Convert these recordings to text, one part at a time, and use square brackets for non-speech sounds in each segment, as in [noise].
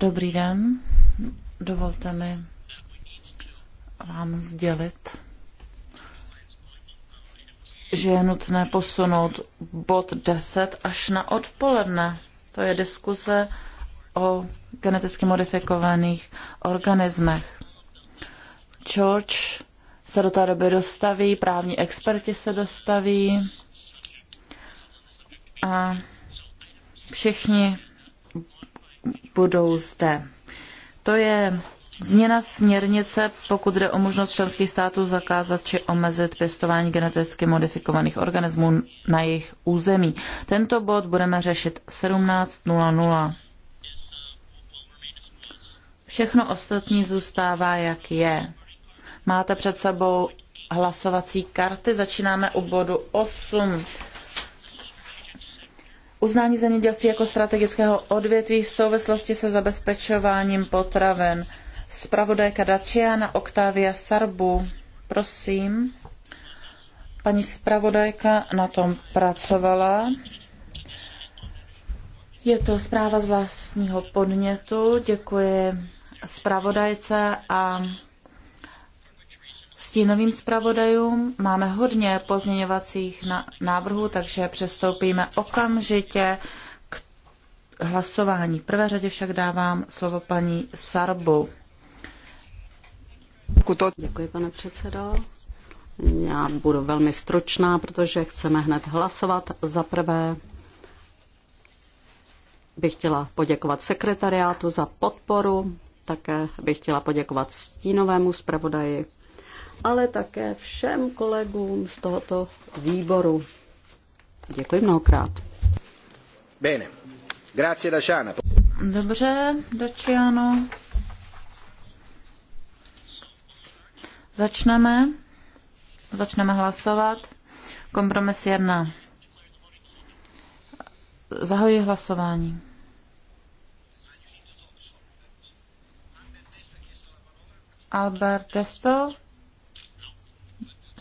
Dobrý den, dovolte mi vám sdělit, že je nutné posunout bod 10 až na odpoledne. To je diskuse o geneticky modifikovaných organismech. George se do té doby dostaví, právní experti se dostaví, a všichni budou zde. To je změna směrnice, pokud jde o možnost členských států zakázat či omezit pěstování geneticky modifikovaných organismů na jejich území. Tento bod budeme řešit 17.00. Všechno ostatní zůstává, jak je. Máte před sebou hlasovací karty. Začínáme u bodu 8 uznání zemědělství jako strategického odvětví v souvislosti se zabezpečováním potravin. Spravodajka Daciana Octavia Sarbu, prosím. Paní spravodajka na tom pracovala. Je to zpráva z vlastního podnětu. Děkuji spravodajce a stínovým zpravodajům. Máme hodně pozměňovacích návrhů, takže přestoupíme okamžitě k hlasování. V prvé řadě však dávám slovo paní Sarbu. Děkuji, pane předsedo. Já budu velmi stručná, protože chceme hned hlasovat. Za prvé bych chtěla poděkovat sekretariátu za podporu, také bych chtěla poděkovat stínovému zpravodaji ale také všem kolegům z tohoto výboru. Děkuji mnohokrát. Bene. Grazie, Daciana. Dobře, Daciano. Začneme. Začneme hlasovat. Kompromis 1. Zahoji hlasování. Albert Desto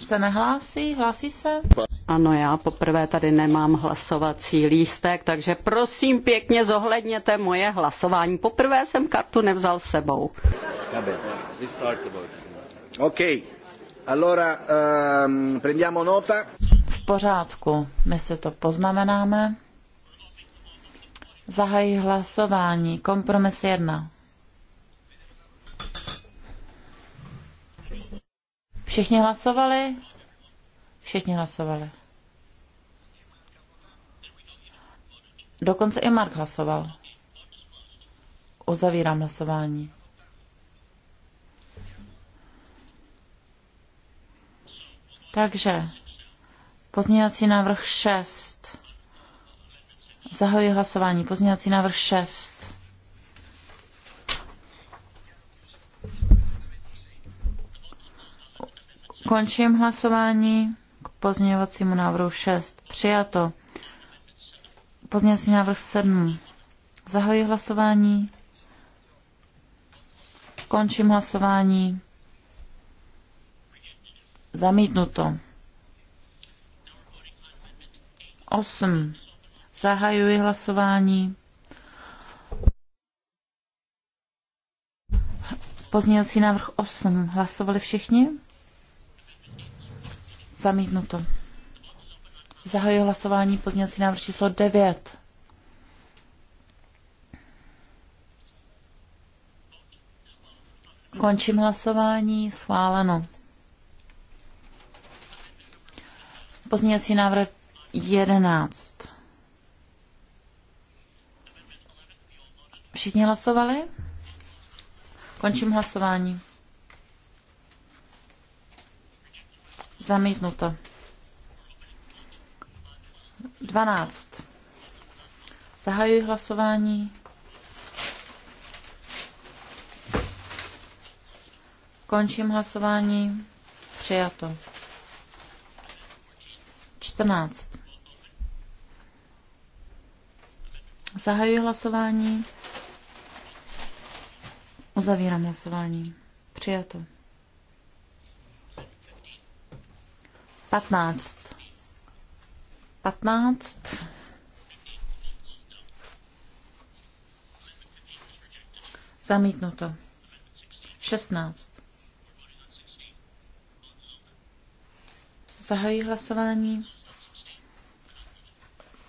se nehlásí? Hlásí se? Ano, já poprvé tady nemám hlasovací lístek, takže prosím pěkně zohledněte moje hlasování. Poprvé jsem kartu nevzal s sebou. OK. Allora, um, prendiamo nota. V pořádku, my si to poznamenáme. Zahají hlasování. Kompromis 1. Všichni hlasovali? Všichni hlasovali. Dokonce i Mark hlasoval. Uzavírám hlasování. Takže pozměňovací návrh 6. Zahajuji hlasování. Pozměňovací návrh 6. Končím hlasování k pozměňovacímu návrhu 6. Přijato. Pozměňovací návrh 7. Zahoji hlasování. Končím hlasování. Zamítnuto. 8. Zahajuji hlasování. Pozměňovací návrh 8. Hlasovali všichni? Zamítnuto. Zahajuji hlasování pozněcí návrh číslo 9. Končím hlasování. Schváleno. Pozměňovací návrh 11. Všichni hlasovali? Končím hlasování. Zamítnuto. 12. Zahajuji hlasování. Končím hlasování. Přijato. 14. Zahajuji hlasování. Uzavírám hlasování. Přijato. 15. 15. Zamítnuto. 16. Zahají hlasování.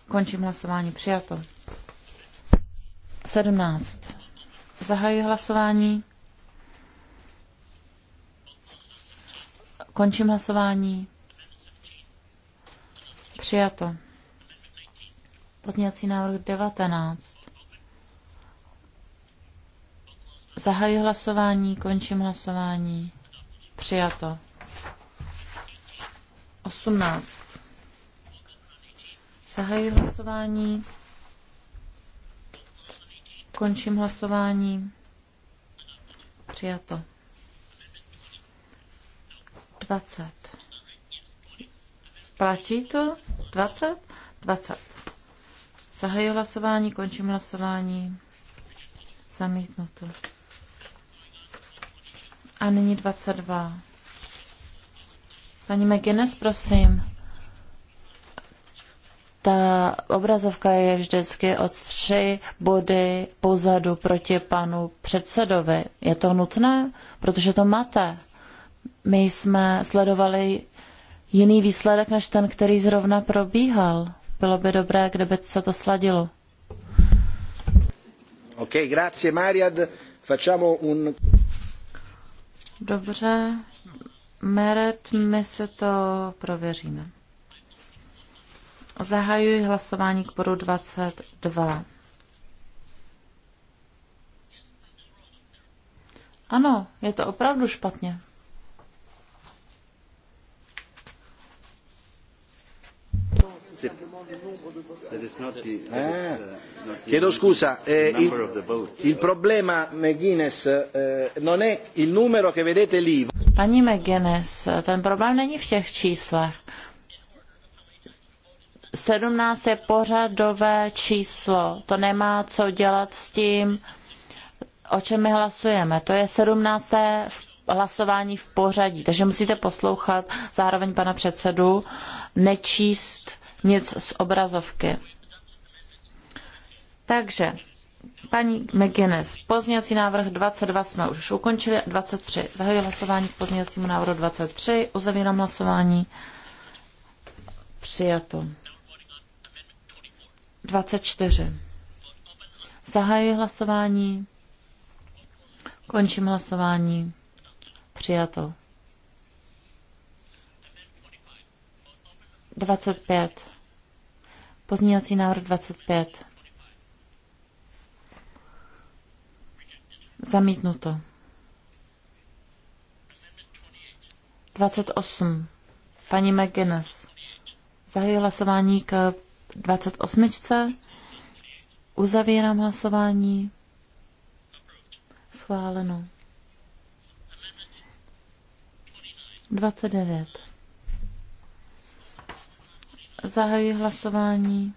Končím hlasování. Přijato. 17. Zahají hlasování. Končím hlasování. Přijato. Pozměňovací návrh 19. Zahajuji hlasování, končím hlasování. Přijato. 18. Zahajuji hlasování. Končím hlasování. Přijato. 20. Platí to? 20? 20. Zahajuji hlasování, končím hlasování. Zamítnuto. A nyní 22. Paní McGuinness, prosím. Ta obrazovka je vždycky o tři body pozadu proti panu předsedovi. Je to nutné? Protože to máte. My jsme sledovali jiný výsledek než ten, který zrovna probíhal. Bylo by dobré, kdyby se to sladilo. Ok, grazie Mariad. Facciamo un... Dobře, Meret, my se to prověříme. Zahajuji hlasování k bodu 22. Ano, je to opravdu špatně. That eh. uh, Chiedo scusa, eh, il, il problema McGuinness eh, non è il numero che vedete lì. Paní McGuinness, ten problém není v těch číslech. 17 je pořadové číslo. To nemá co dělat s tím, o čem my hlasujeme. To je 17. v hlasování v pořadí. Takže musíte poslouchat zároveň pana předsedu, nečíst nic z obrazovky. Takže, paní McGuinness, pozněcí návrh 22 jsme už ukončili, 23. Zahajuji hlasování k pozněcímu návrhu 23, uzavírám hlasování. Přijato. 24. Zahajuji hlasování. Končím hlasování. Přijato. 25. Pozměňovací návrh 25. Zamítnuto. 28. Paní McGuinness. Zahajuji hlasování k 28. Uzavírám hlasování. Schváleno. 29. Zahajuji hlasování.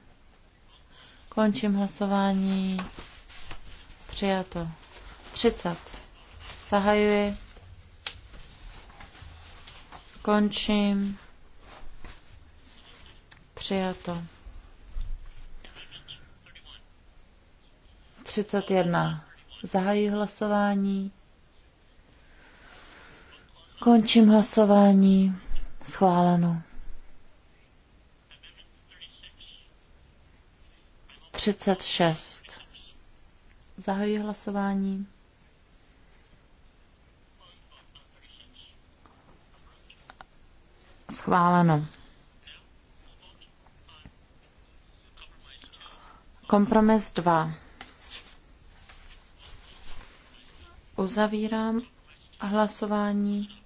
Končím hlasování. Přijato. 30. Zahajuji. Končím. Přijato. 31. Zahajuji hlasování. Končím hlasování. Schváleno. 36. Zahajuji hlasování. Schváleno. Kompromis 2. Uzavírám hlasování.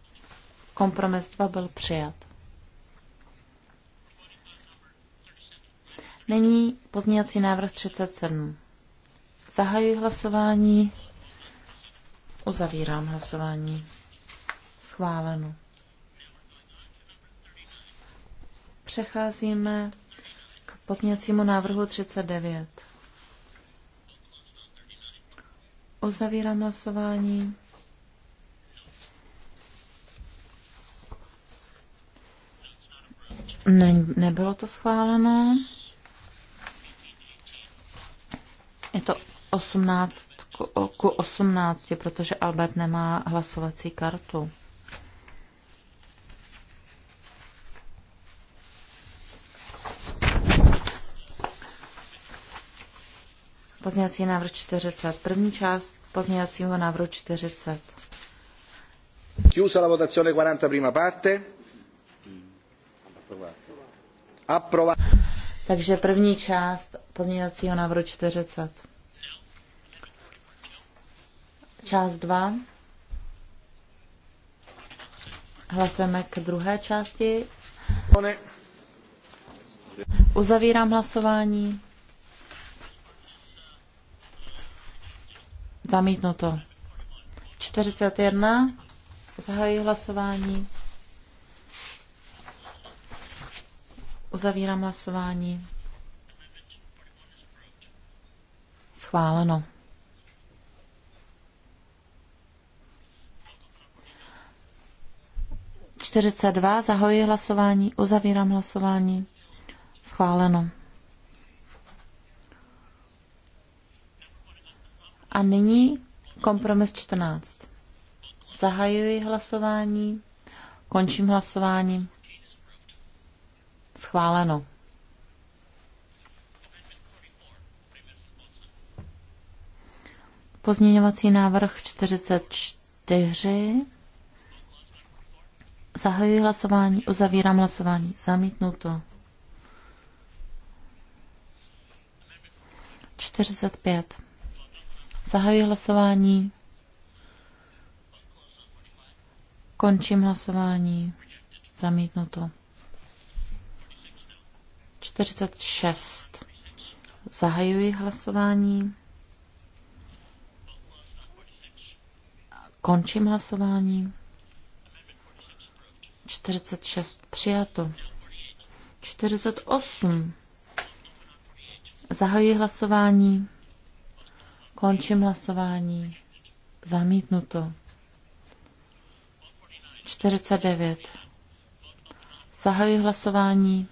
Kompromis 2 byl přijat. Není pozměňovací návrh 37. Zahajuji hlasování. Uzavírám hlasování. Schváleno. Přecházíme k pozměňovacímu návrhu 39. Uzavírám hlasování. Ne, nebylo to schváleno. Je to 18 ku 18, protože Albert nemá hlasovací kartu. Pozněvací návrh 40. První část pozněvacího návrhu 40. Chiusa la votazione 40 prima parte. Approvato. Takže první část pozměňovacího návrhu 40. Část 2. Hlasujeme k druhé části. Uzavírám hlasování. Zamítnuto. 41. Zahají hlasování. Uzavírám hlasování. Schváleno. Čtyřicet dva. Zahoji hlasování. Uzavírám hlasování. Schváleno. A nyní kompromis 14. Zahajuji hlasování, končím hlasování. Schváleno. Pozměňovací návrh 44. Zahajuji hlasování, uzavírám hlasování. Zamítnuto. 45. Zahajuji hlasování. Končím hlasování. Zamítnuto. 46. Zahajuji hlasování. Končím hlasování. 46 přijato. 48. Zahajuji hlasování. Končím hlasování. Zamítnuto. 49. Zahajuji hlasování.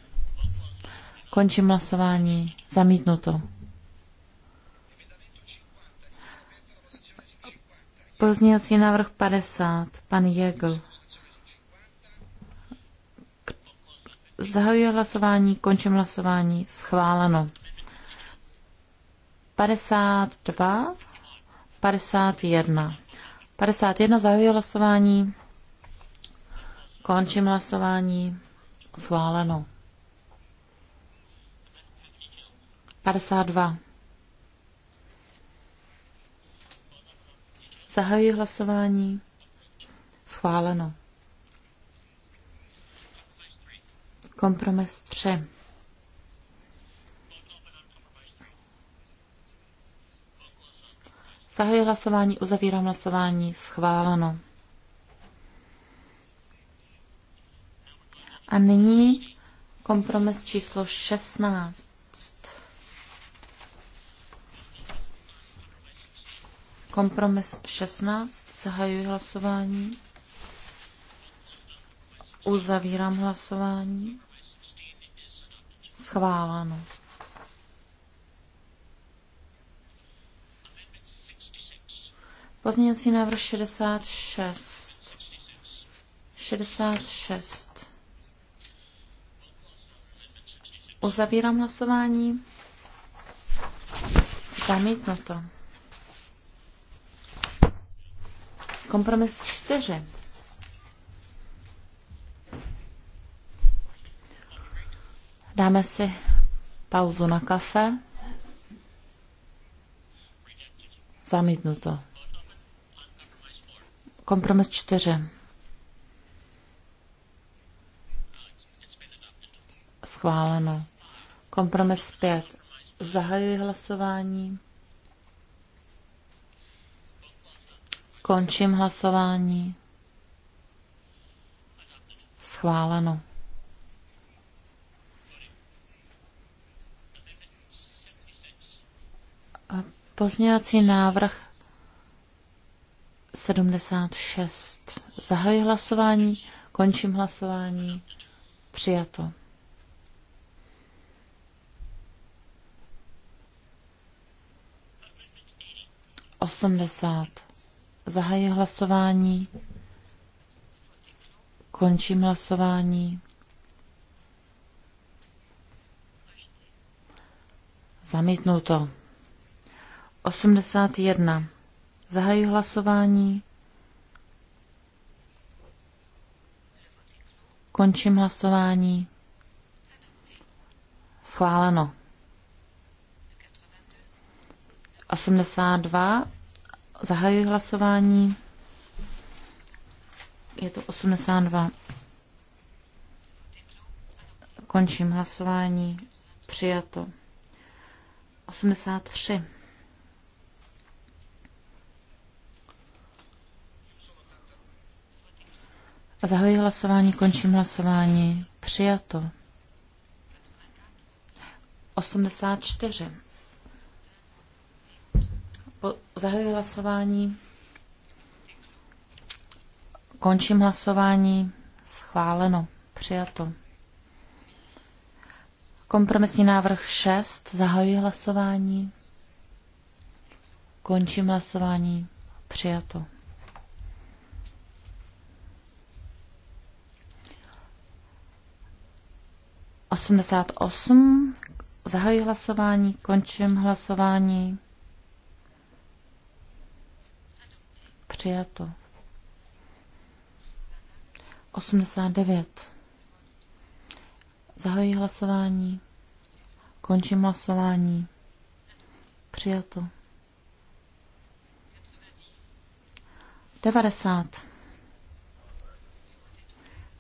Končím hlasování. Zamítnuto. Pozměňovací návrh 50, pan Jegl. Zahajuji hlasování, končím hlasování, schváleno. 52, 51. 51 zahajuji hlasování, končím hlasování, schváleno. 52. Zahajuji hlasování. Schváleno. Kompromis 3. Zahajuji hlasování, uzavírám hlasování, schváleno. A nyní kompromis číslo 16. Kompromis 16. Zahajuji hlasování. Uzavírám hlasování. Schváleno. Pozměňovací návrh 66. 66. Uzavírám hlasování. Zamítnuto. to. Kompromis čtyři. Dáme si pauzu na kafe. Zamítnuto. Kompromis čtyři. Schváleno. Kompromis pět. Zahajuji hlasování. Končím hlasování. Schváleno. Pozměňovací návrh 76. Zahajuji hlasování, končím hlasování. Přijato. Osmdesát. Zahajuji hlasování. Končím hlasování. Zamítnuto. 81. Zahajuji hlasování. Končím hlasování. Schváleno. 82. Zahajuji hlasování. Je to 82. Končím hlasování. Přijato. 83. A Zahajuji hlasování, končím hlasování. Přijato. 84. Zahajuji hlasování. Končím hlasování. Schváleno. Přijato. Kompromisní návrh 6. Zahajuji hlasování. Končím hlasování. Přijato. Osmdesát osm. Zahajuji hlasování. Končím hlasování. Přijato. 89. Zahajuji hlasování. Končím hlasování. Přijato. 90.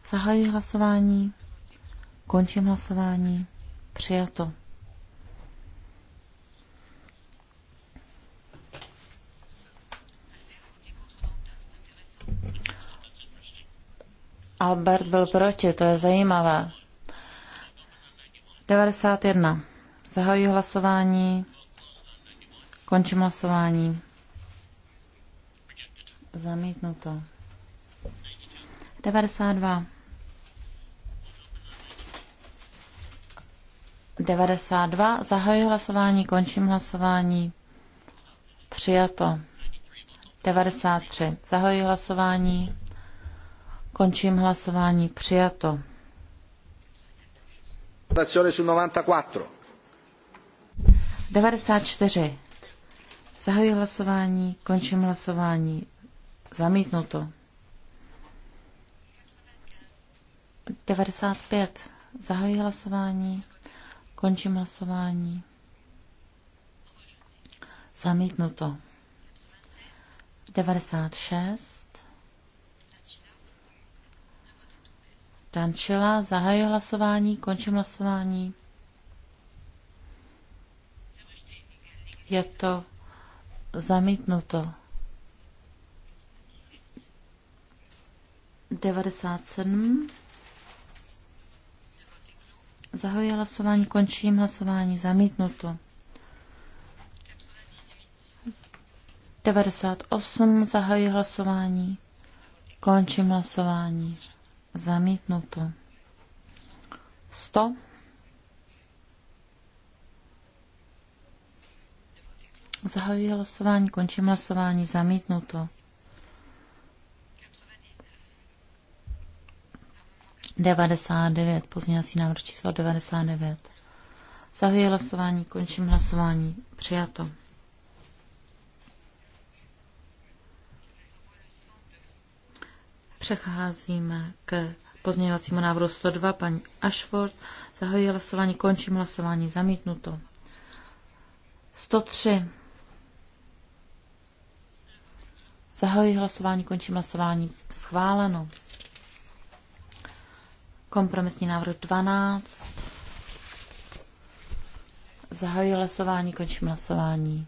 Zahajuji hlasování. Končím hlasování. Přijato. Albert byl proti, to je zajímavé. 91. Zahajuji hlasování. Končím hlasování. Zamítnuto. 92. 92. Zahajuji hlasování, končím hlasování. Přijato. 93. Zahajuji hlasování. Končím hlasování. Přijato. Votazione su 94. 94. Zahajuji hlasování, končím hlasování. Zamítnuto. 95. Zahajuji hlasování, končím hlasování. Zamítnuto. 96. Dančila. Zahajuji hlasování, končím hlasování. Je to zamítnuto. 97. Zahajuji hlasování, končím hlasování, zamítnuto. 98. Zahajuji hlasování, končím hlasování. Zamítnuto. 100. Zahajuji hlasování, končím hlasování, zamítnuto. 99, pozměňovací návrh číslo 99. Zahajuji hlasování, končím hlasování, přijato. Přecházíme k pozměňovacímu návrhu 102 paní Ashford. Zahojí hlasování, končím hlasování, zamítnuto. 103. Zahojí hlasování, končím hlasování, schváleno. Kompromisní návrh 12. Zahajuji hlasování, končím hlasování.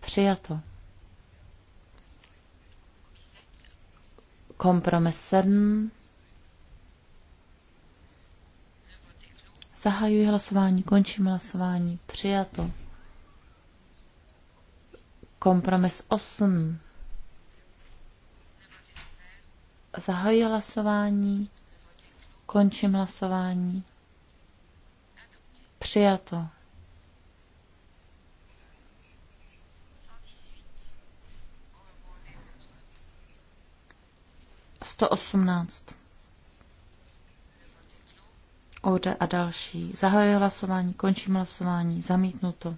Přijato. Kompromis 7. Zahajuji hlasování, končím hlasování, přijato. Kompromis 8. Zahajuji hlasování, končím hlasování, přijato. 118. Ode a další. Zahajuji hlasování, končím hlasování, zamítnuto.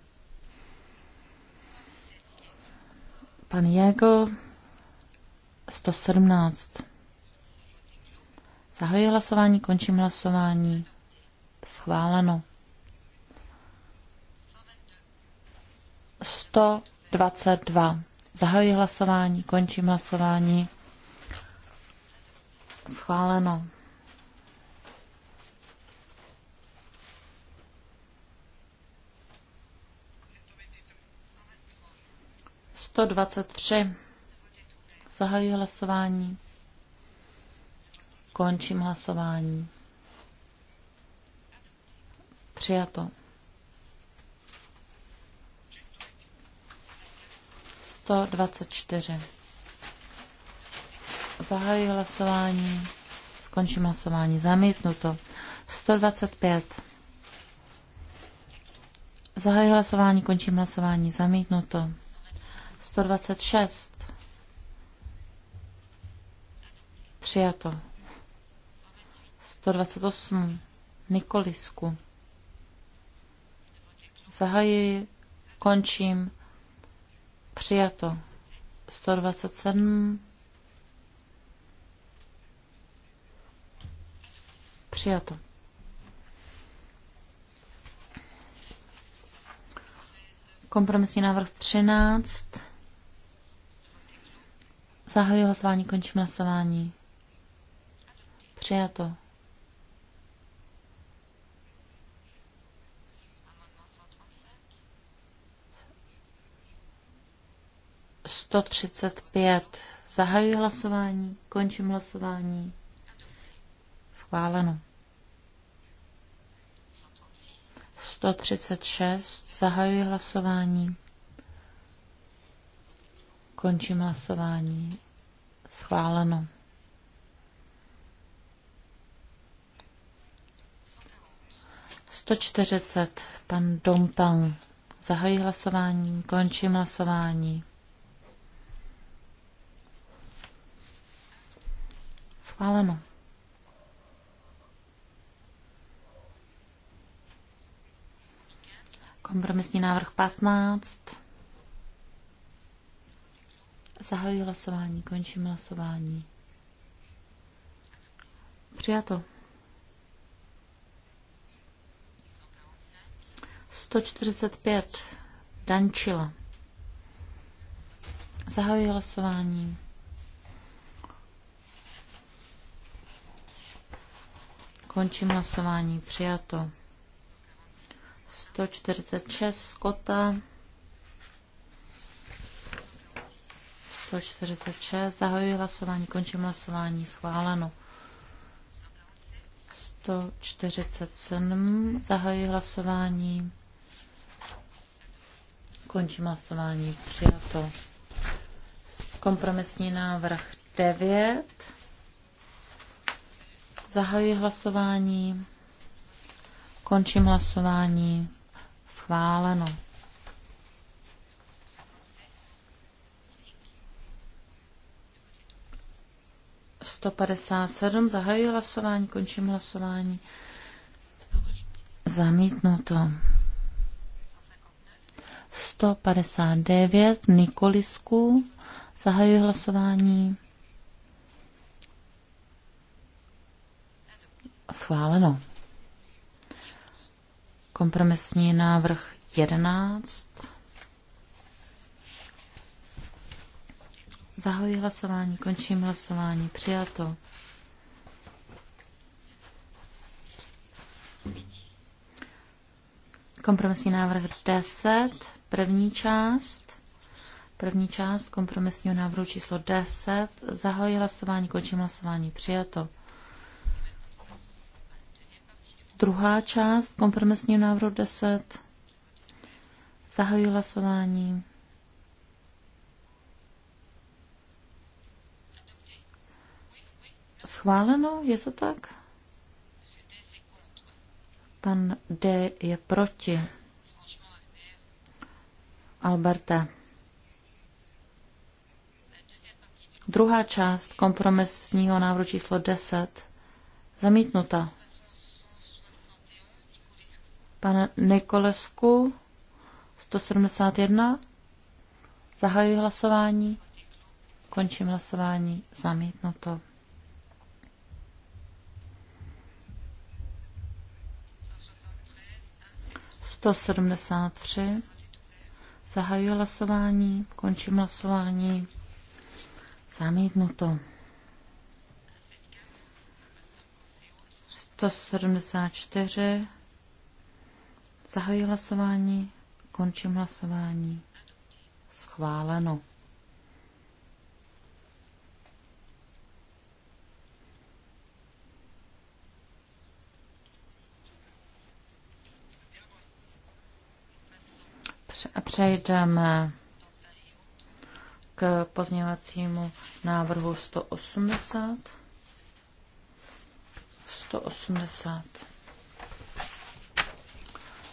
Pan Jägl, 117. Zahajuji hlasování, končím hlasování. Schváleno. 122. Zahajuji hlasování, končím hlasování. Schváleno. Sto dvacet tři. Zahajuji hlasování. Končím hlasování. Přijato. 124. Zahají hlasování. Skončím hlasování. Zamítnuto. 125. Zahají hlasování. Končím hlasování. Zamítnuto. 126. Přijato. 128. Nikolisku. Zahajuji, končím, přijato. 127. Přijato. Kompromisní návrh 13. Zahajuji hlasování, končím hlasování. Přijato. Sto třicet pět. Zahajuji hlasování, končím hlasování. Schváleno. 136. Zahajuji hlasování. Končím hlasování. Schváleno. Sto čtyřicet. Pan Domtang. Zahají hlasování. Končím hlasování. Schváleno. Kompromisní návrh 15. Zahajuji hlasování, končím hlasování. Přijato. 145. Dančila. Zahajuji hlasování. Končím hlasování. Přijato. 146 46 Skota. 146. Zahajuji hlasování, končím hlasování, schváleno. 147. Zahajuji hlasování. Končím hlasování. Přijato. Kompromisní návrh 9. Zahajuji hlasování. Končím hlasování. Schváleno. Sto padesát sedm. Zahajuji hlasování, končím hlasování. Zamítnuto. 159 Nikolisku. Zahajuji hlasování. Schváleno. Kompromisní návrh 11. Zahajuji hlasování, končím hlasování, přijato. Kompromisní návrh 10, první část. První část kompromisního návrhu číslo 10. Zahajuji hlasování, končím hlasování, přijato. Druhá část kompromisního návrhu 10. Zahajuji hlasování. Schváleno, je to tak? Pan D je proti. Alberta. Druhá část kompromisního návrhu číslo 10. Zamítnuta. Pane Nikolesku, 171. Zahajuji hlasování. Končím hlasování. Zamítnuto. Sto sedmdesát tři. Zahajuji hlasování. Končím hlasování. Zamítnuto. 174. Zahajuji hlasování, končím hlasování. Schváleno. Přejdeme k pozněvacímu návrhu 180. 180.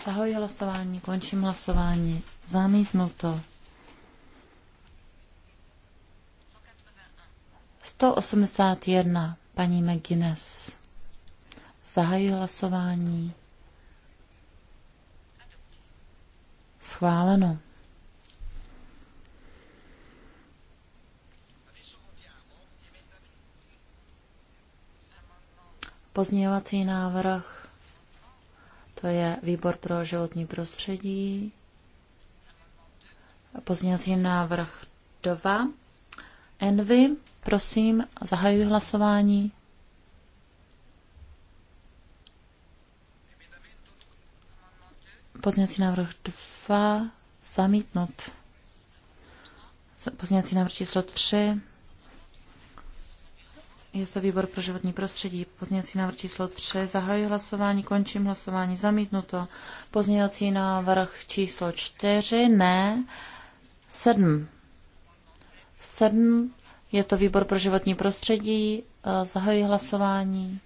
Zahoji hlasování, končím hlasování. Zamítnuto. 181, paní McGuinness. Zahajuji hlasování. Schváleno. Pozměňovací návrh to je výbor pro životní prostředí. Pozměňovací návrh 2. Envy, prosím, zahajuji hlasování. Pozměňovací návrh 2, zamítnut. Pozměňovací návrh číslo 3, je to výbor pro životní prostředí. Pozněcí návrh číslo 3. Zahajuji hlasování, končím hlasování, zamítnuto. Pozněcí návrh číslo 4. Ne. 7. 7. Je to výbor pro životní prostředí. Eh, zahajuji hlasování.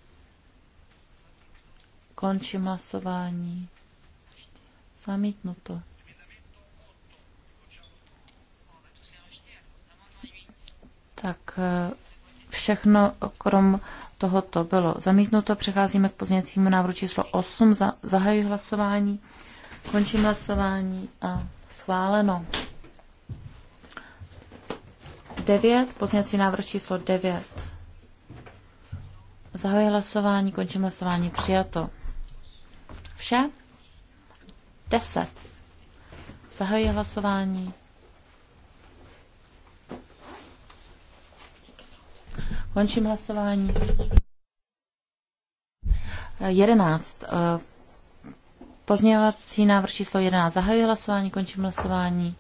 Končím hlasování. Zamítnuto. Tak eh, Všechno krom tohoto bylo zamítnuto. Přecházíme k pozněcímu návrhu číslo 8. Zahajuji hlasování, končím hlasování a schváleno. 9, pozněcí návrh číslo 9. Zahajuji hlasování, končím hlasování, přijato. Vše? 10. Zahajuji hlasování, Končím hlasování. 11. Eh, pozměňovací návrh číslo 11. Zahajuji hlasování, končím hlasování.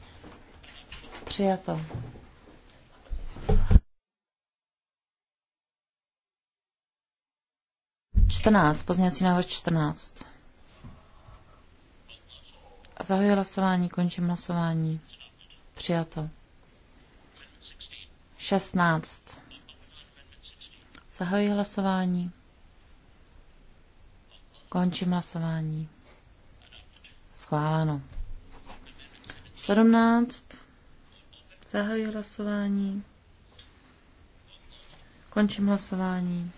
Přijato. Čtrnáct, pozměňovací návrh 14. Zahajuji hlasování, končím hlasování. Přijato. 16. Zahajuji hlasování. Končím hlasování. Schváleno. 17. Zahajuji hlasování. Končím hlasování.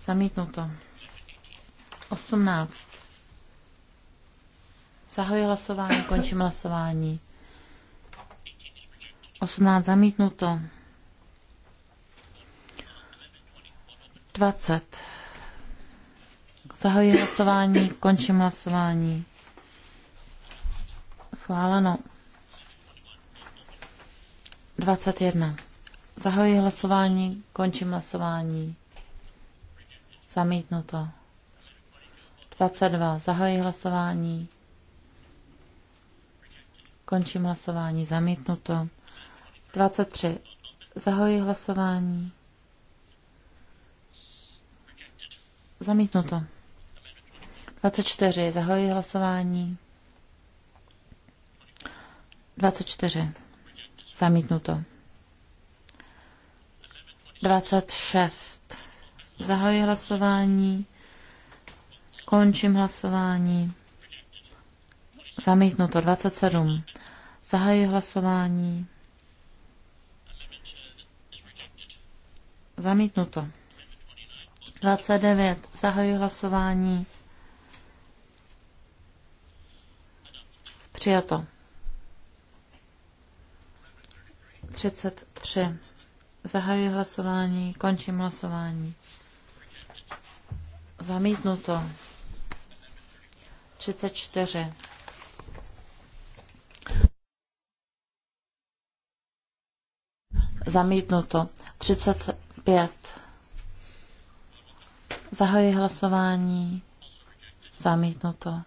Zamítnuto. 18. Zahajuji hlasování, končím hlasování. 18 zamítnuto. 20. Zahajuji hlasování, končím hlasování. Schváleno. 21. Zahajuji hlasování, končím hlasování. Zamítnuto. 22. Zahajuji hlasování. Končím hlasování. Zamítnuto. 23. Zahajuji hlasování. Zamítnuto. 24. Zahoji hlasování. 24. Zamítnuto. 26. Zahoji hlasování. Končím hlasování. Zamítnuto. 27. Zahajuji hlasování. Zamítnuto. 29. Zahajuji hlasování. Přijato. 33. Zahajuji hlasování, končím hlasování. Zamítnuto. 34. Zamítnuto. 35 Zahajuji hlasování. Zamítnuto.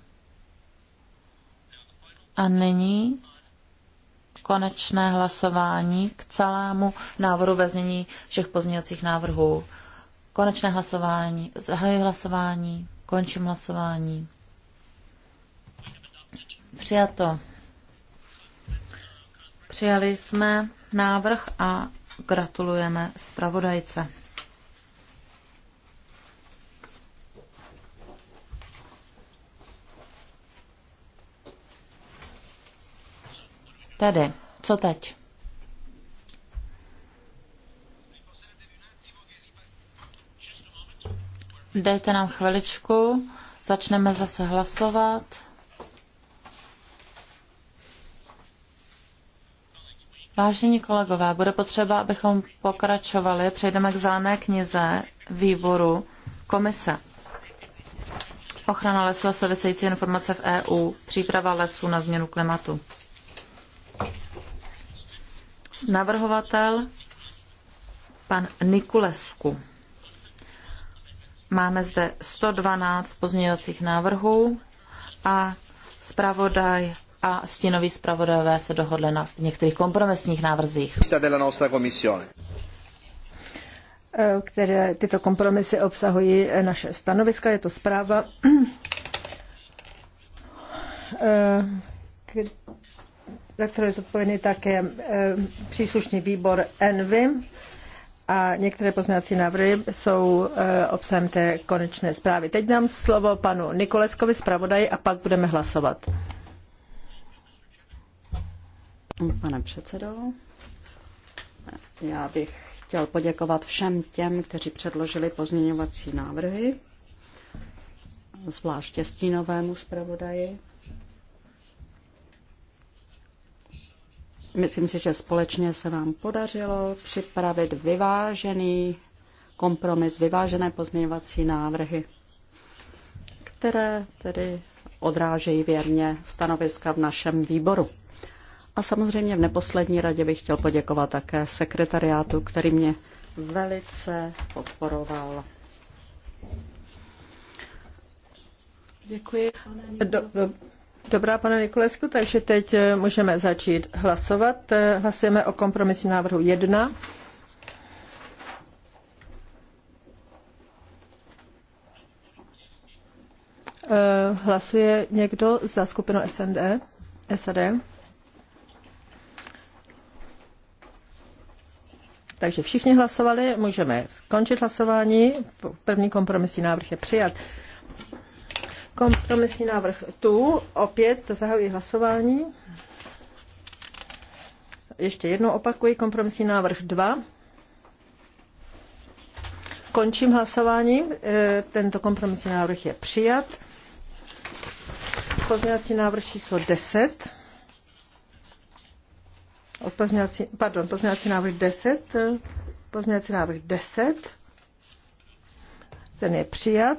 A nyní konečné hlasování k celému návrhu ve znění všech pozměňovacích návrhů. Konečné hlasování. Zahajuji hlasování. Končím hlasování. Přijato. Přijali jsme návrh a gratulujeme zpravodajce. Tady. co teď? Dejte nám chviličku, začneme zase hlasovat. Vážení kolegové, bude potřeba, abychom pokračovali. Přejdeme k zelené knize výboru komise. Ochrana lesů a související informace v EU, příprava lesů na změnu klimatu navrhovatel pan Nikulesku. Máme zde 112 pozměňovacích návrhů a zpravodaj a stínoví zpravodajové se dohodli na některých kompromisních návrzích. Eh, které tyto kompromisy obsahují eh, naše stanoviska, je to zpráva, [clears throat] eh, za kterou je zodpovědný také eh, příslušný výbor ENVY a některé pozměňovací návrhy jsou eh, obsahem té konečné zprávy. Teď dám slovo panu Nikoleskovi, zpravodaji, a pak budeme hlasovat. Pane předsedo, já bych chtěl poděkovat všem těm, kteří předložili pozměňovací návrhy, zvláště stínovému zpravodaji Myslím si, že společně se nám podařilo připravit vyvážený kompromis, vyvážené pozměňovací návrhy, které tedy odrážejí věrně stanoviska v našem výboru. A samozřejmě v neposlední radě bych chtěl poděkovat také sekretariátu, který mě velice podporoval. Děkuji. Do, do, Dobrá, pane Nikolesku, takže teď eh, můžeme začít hlasovat. Eh, hlasujeme o kompromisním návrhu 1. Eh, hlasuje někdo za skupinu SND? SAD? Takže všichni hlasovali, můžeme skončit hlasování. První kompromisní návrh je přijat. Kompromisní návrh tu, opět zahajuji hlasování. Ještě jednou opakuji, kompromisní návrh 2. Končím hlasování. E, tento kompromisní návrh je přijat. Pozměňovací návrh číslo 10. Pozměňovací, pardon, pozměňovací návrh 10. Pozměňovací návrh 10. Ten je přijat.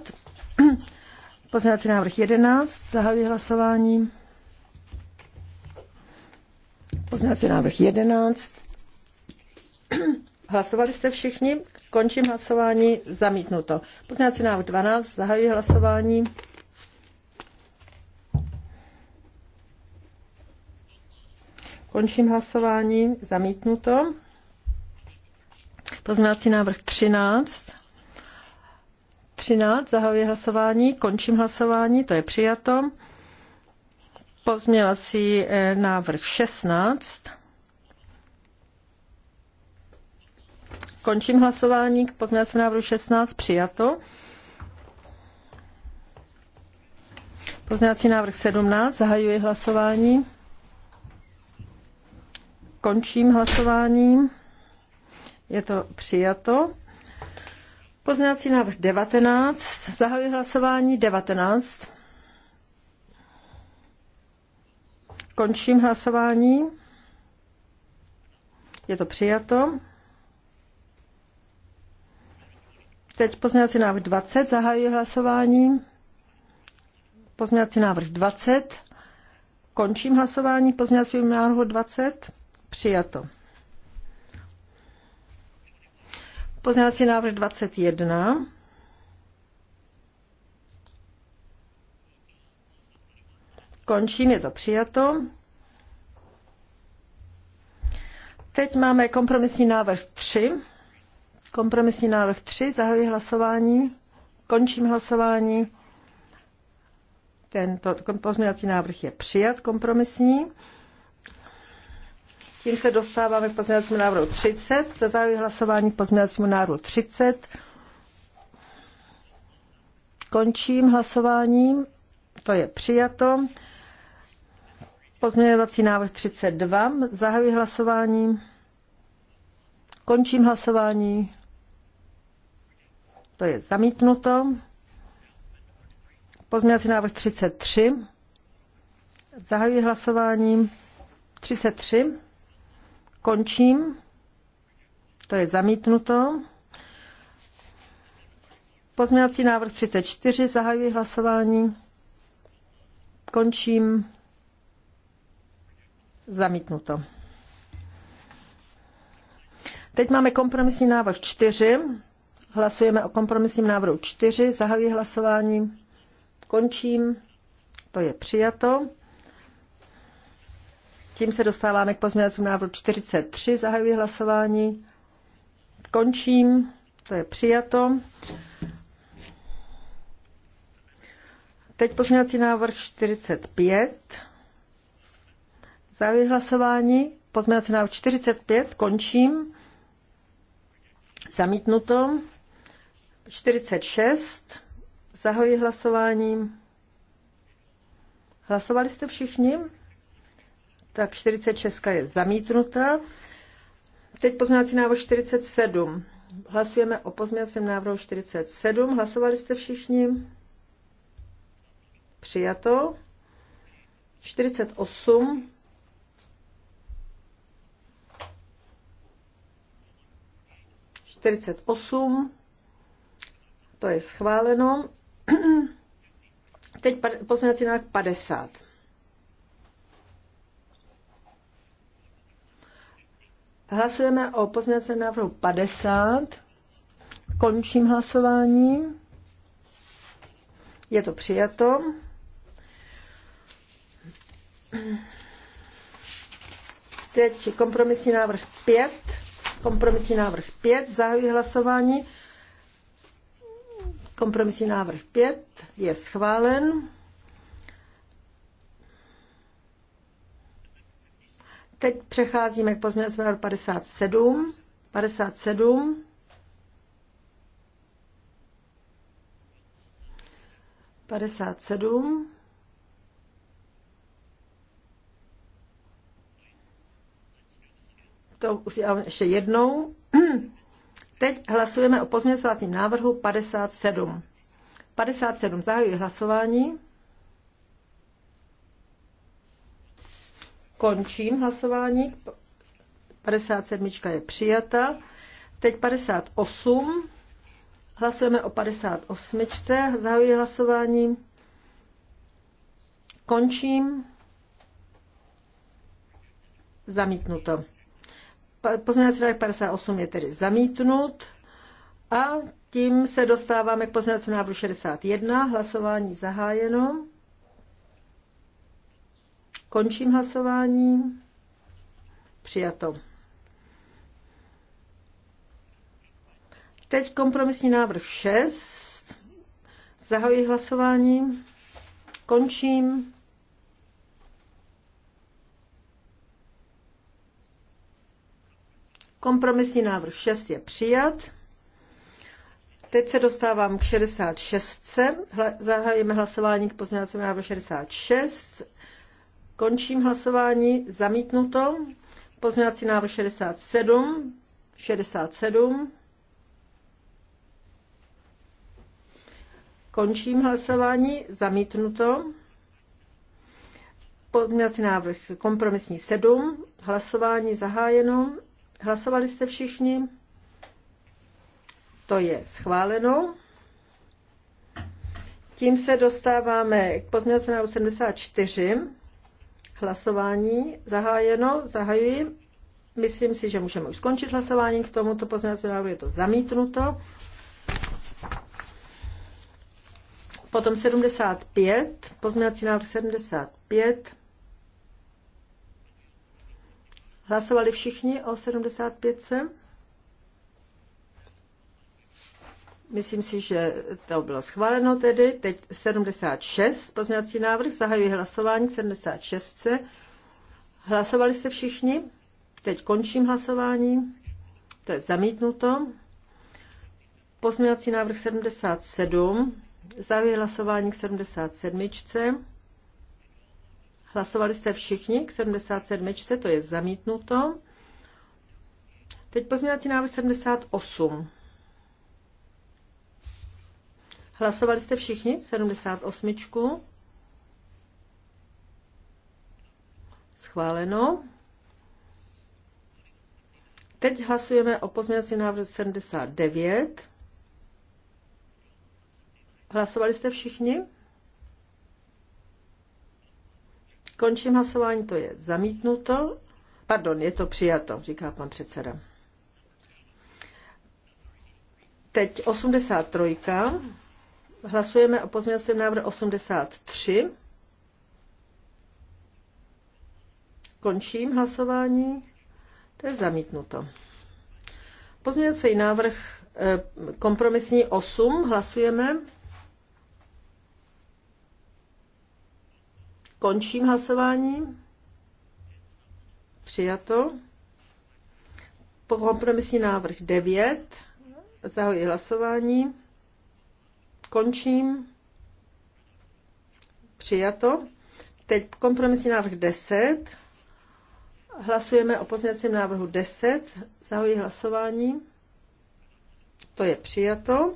Pozměňovací návrh 11. Zahajuji hlasování. Pozměňovací návrh 11. [clears throat] Hlasovali jste všichni? Končím hlasování. Zamítnuto. Pozměňovací návrh 12. Zahajuji hlasování. Končím hlasování. Zamítnuto. Pozměňovací návrh 13. 13, zahajuji hlasování, končím hlasování, to je přijato. si eh, návrh 16. Končím hlasování pozměla pozměňovacímu návrh 16, přijato. Pozměňovací návrh 17, zahajuji hlasování. Končím hlasování. Je to přijato. Pozměňovací návrh 19. Zahajuji hlasování 19. Končím hlasování. Je to přijato. Teď pozměňovací návrh 20. Zahajuji hlasování. Pozměňovací návrh 20. Končím hlasování pozměňovacího návrhu 20. Přijato. Pozměňovací návrh 21. Končím, je to přijato. Teď máme kompromisní návrh 3. Kompromisní návrh 3, zahajuji hlasování, končím hlasování. Tento pozměňovací návrh je přijat, kompromisní. Tím se dostáváme k pozměňovacímu návrhu 30. Za Zahajuji hlasování k pozměňovacímu návrhu 30. Končím hlasováním. To je přijato. Pozměňovací návrh 32. Zahajuji hlasování. Končím hlasování. To je zamítnuto. Pozměňovací návrh 33. Zahajuji hlasování. 33. Končím. To je zamítnuto. Pozměňovací návrh 34, zahajuji hlasování. Končím. Zamítnuto. Teď máme kompromisní návrh 4. Hlasujeme o kompromisním návrhu 4. Zahajuji hlasování. Končím. To je přijato tím se dostáváme k pozměňovacímu návrhu 43. Zahajuji hlasování. Končím. To je přijato. Teď pozměňovací návrh 45. Zahajuji hlasování. Pozměňovací návrh 45. Končím. Zamítnuto. 46. Zahajuji hlasování. Hlasovali jste všichni? tak 46 je zamítnuta. Teď pozměňovací návrh 47. Hlasujeme o pozměňovacím návrhu 47. Hlasovali jste všichni? Přijato. 48. to je schváleno. [clears throat] Teď pozměňovací návrh 50. Hlasujeme o pozměňovacím návrhu 50. Končím hlasování. Je to přijato. Teď kompromisní návrh 5. Kompromisní návrh 5. Zahajuji hlasování. Kompromisní návrh 5 je schválen. teď přecházíme k pozměňovacímu návrhu 57. 57. Padesát sedm. To už ještě jednou. Teď hlasujeme o pozměňovacím návrhu 57. 57. Zahajuji hlasování. Končím hlasování. 57 je přijata. Teď 58. Hlasujeme o 58. Zahajuji hlasování. Končím. Zamítnuto. Pozměňovací návrh 58 je tedy zamítnut. A tím se dostáváme k pozměňovacímu návrhu 61. Hlasování zahájeno. Končím hlasování. Přijato. Teď kompromisní návrh 6. Zahajuji hlasování. Končím. Kompromisní návrh 6 je přijat. Teď se dostávám k 66. Zahajujeme hlasování k pozměňovacímu návrhu 66. Končím hlasování. Zamítnuto. Pozměňovací návrh 67. 67. Končím hlasování. Zamítnuto. Pozměňovací návrh kompromisní 7. Hlasování zahájeno. Hlasovali jste všichni? To je schváleno. Tím se dostáváme k pozměňovacímu návrhu 74. Hlasování zahájeno, zahajuji. Myslím si, že můžeme už skončit hlasování k tomuto pozměňovacímu návrhu, je to zamítnuto. Potom 75, pozměňovací návrh 75. Hlasovali všichni o 75 Myslím si, že to bylo schváleno tedy. Teď 76, pozměňovací návrh, zahajuji hlasování 76 76. Hlasovali jste všichni? Teď končím hlasování. To je zamítnuto. Pozměňovací návrh 77. Zahajuji hlasování k 77. Hlasovali jste všichni k 77. To je zamítnuto. Teď pozměňovací návrh 78. Hlasovali jste všichni 78. Schváleno. Teď hlasujeme o pozměňovací návrh 79. Hlasovali jste všichni? Končím hlasování, to je zamítnuto. Pardon, je to přijato, říká pan předseda. Teď 83. Hlasujeme o pozměňovacím návrhu 83. Končím hlasování. To je zamítnuto. Pozměňovací návrh eh, kompromisní 8. Hlasujeme. Končím hlasování. Přijato. kompromisní návrh 9. Zahoji hlasování končím. Přijato. Teď kompromisní návrh 10. Hlasujeme o pozměňovacím návrhu 10. Zahoji hlasování. To je přijato.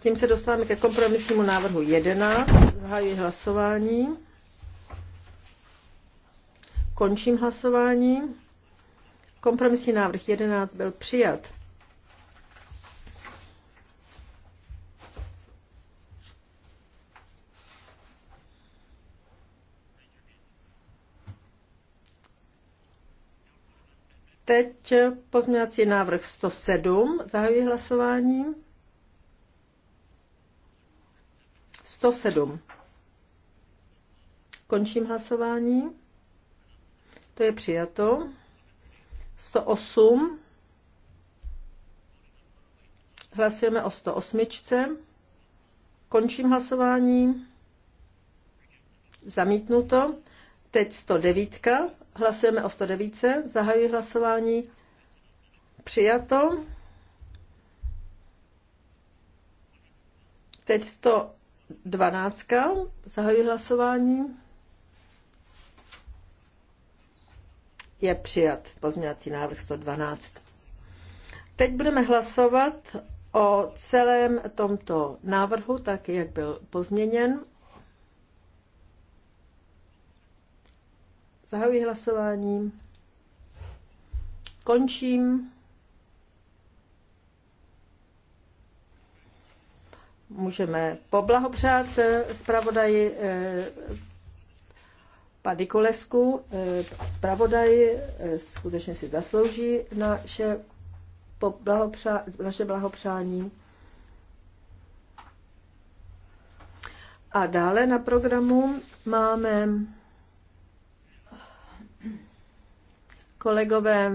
Tím se dostáváme ke kompromisnímu návrhu 11. Zahajuji hlasování. Končím hlasování. Kompromisní návrh 11 byl přijat. teď pozměňovací návrh 107. Zahajuji hlasování. 107. Končím hlasování. To je přijato. 108. Hlasujeme o 108. Končím hlasování. Zamítnuto. Teď 109. Hlasujeme o 109. Zahajuji hlasování. Přijato. Teď 112. Zahajuji hlasování. Je přijat pozměňovací návrh 112. Teď budeme hlasovat o celém tomto návrhu, tak jak byl pozměněn. Zahajuji hlasování. Končím. Můžeme poblahopřát eh, zpravodaji eh, Kolesku. Eh, zpravodaj skutečně si zaslouží naše, blahopřá, naše blahopřání. A dále na programu máme Kolegové,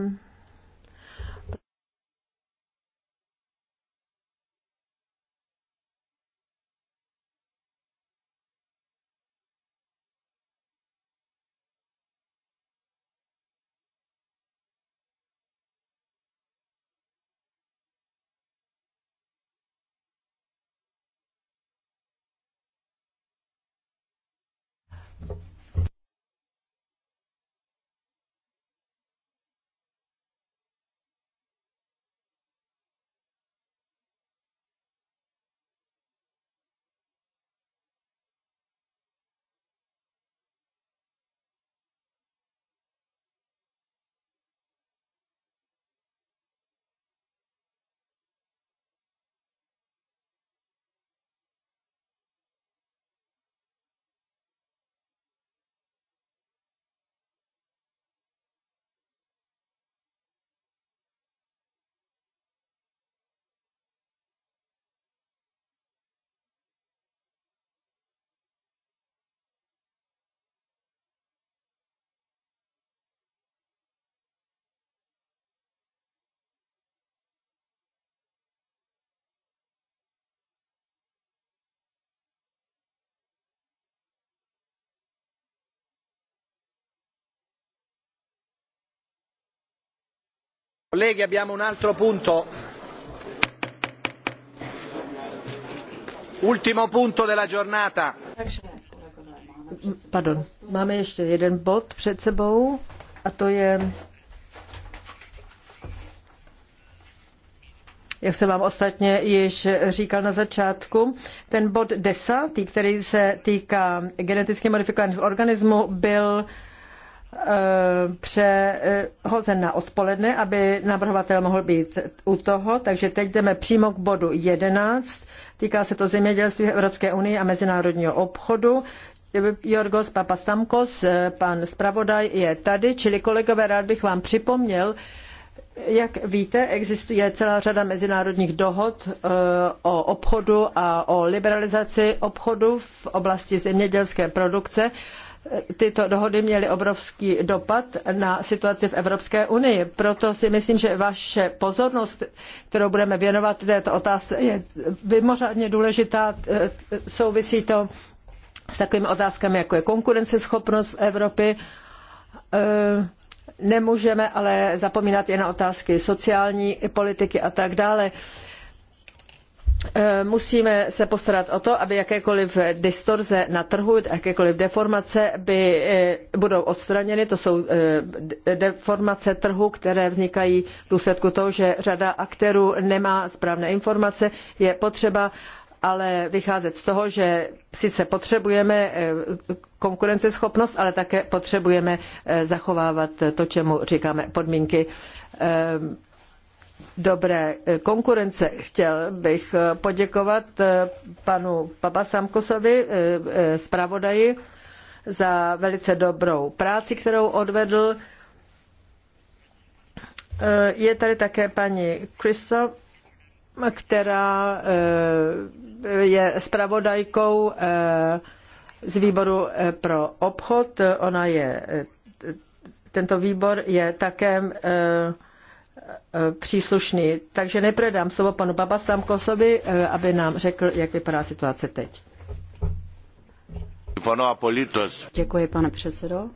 Colleghi, abbiamo un altro punto. Ultimo punto della giornata. Pardon, máme ještě jeden bod před sebou a to je, jak jsem vám ostatně již říkal na začátku, ten bod desátý, který se týká geneticky modifikovaných organismů, byl přehozen na odpoledne, aby navrhovatel mohl být u toho. Takže teď jdeme přímo k bodu 11. Týká se to zemědělství Evropské unie a mezinárodního obchodu. Jorgos Papastamkos, pan zpravodaj, je tady, čili kolegové, rád bych vám připomněl, jak víte, existuje celá řada mezinárodních dohod eh, o obchodu a o liberalizaci obchodu v oblasti zemědělské produkce tyto dohody měly obrovský dopad na situaci v Evropské unii. Proto si myslím, že vaše pozornost, kterou budeme věnovat této otázce, je mimořádně důležitá. Souvisí to s takovými otázkami, jako je konkurenceschopnost v Evropě. Nemůžeme ale zapomínat i na otázky sociální politiky a tak dále. Eh, musíme se postarat o to, aby jakékoliv distorze na trhu, jakékoliv deformace by eh, budou odstraněny. To jsou eh, deformace trhu, které vznikají v důsledku toho, že řada aktérů nemá správné informace. Je potřeba ale vycházet z toho, že sice potřebujeme konkurenceschopnost, ale také potřebujeme zachovávat to, čemu říkáme podmínky dobré eh, konkurence. Chtěl bych eh, poděkovat eh, panu Papasamkosovi, zpravodaji, za velice dobrou práci, kterou odvedl. Je tady také paní Kristof, která je zpravodajkou z výboru pro obchod. Ona je, tento výbor je také Eh, příslušný. Takže nejprve dám slovo panu Babastamkosovi, eh, aby nám řekl, jak vypadá situace teď. Děkuji, pane předsedo.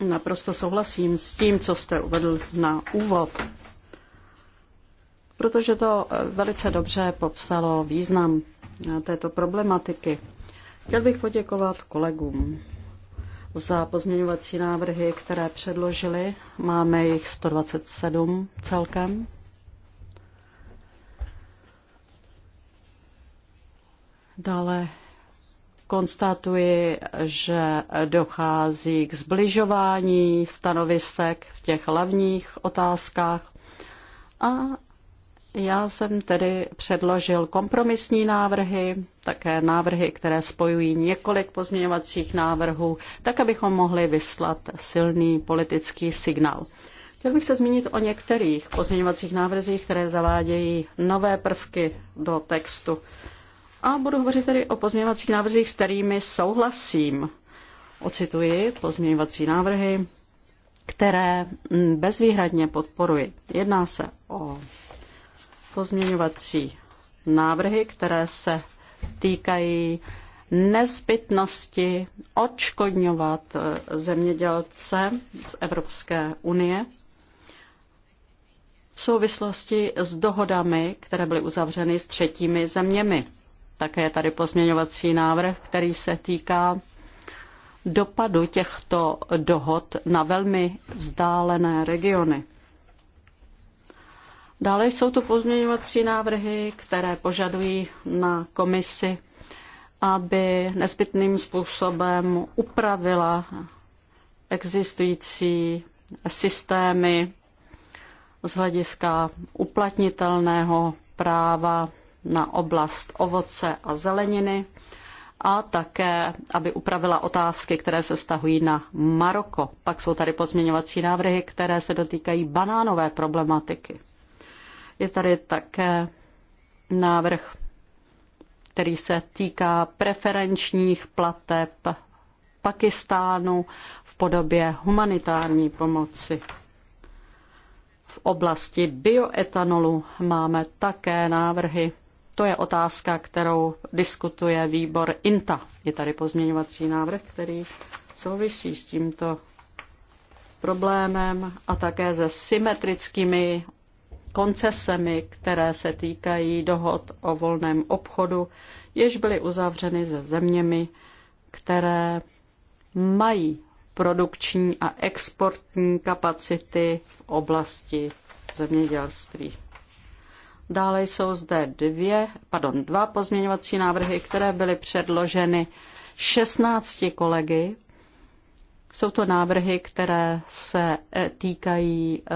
Naprosto souhlasím s tím, co jste uvedl na úvod, protože to eh, velice dobře popsalo význam této problematiky. Chtěl bych poděkovat kolegům za pozměňovací návrhy, které předložili. Máme jich 127 celkem. Dále konstatuji, že dochází k zbližování stanovisek v těch hlavních otázkách a já jsem tedy předložil kompromisní návrhy, také návrhy, které spojují několik pozměňovacích návrhů, tak abychom mohli vyslat silný politický signál. Chtěl bych se zmínit o některých pozměňovacích návrzích, které zavádějí nové prvky do textu. A budu hovořit tedy o pozměňovacích návrzích, s kterými souhlasím. Ocituji pozměňovací návrhy, které bezvýhradně podporuji. Jedná se o pozměňovací návrhy, které se týkají nezbytnosti odškodňovat eh, zemědělce z Evropské unie v souvislosti s dohodami, které byly uzavřeny s třetími zeměmi. Také je tady pozměňovací návrh, který se týká dopadu těchto dohod na velmi vzdálené regiony. Dále jsou tu pozměňovací návrhy, které požadují na komisi, aby nezbytným způsobem upravila existující systémy z hlediska uplatnitelného práva na oblast ovoce a zeleniny a také, aby upravila otázky, které se stahují na Maroko. Pak jsou tady pozměňovací návrhy, které se dotýkají banánové problematiky. Je tady také návrh, který se týká preferenčních plateb Pakistánu v podobě humanitární pomoci. V oblasti bioetanolu máme také návrhy. To je otázka, kterou diskutuje výbor INTA. Je tady pozměňovací návrh, který souvisí s tímto problémem a také se symetrickými koncesemi, které se týkají dohod o volném obchodu, jež byly uzavřeny se zeměmi, které mají produkční a exportní kapacity v oblasti zemědělství. Dále jsou zde dvě, pardon, dva pozměňovací návrhy, které byly předloženy 16 kolegy jsou to návrhy, které se eh, týkají eh,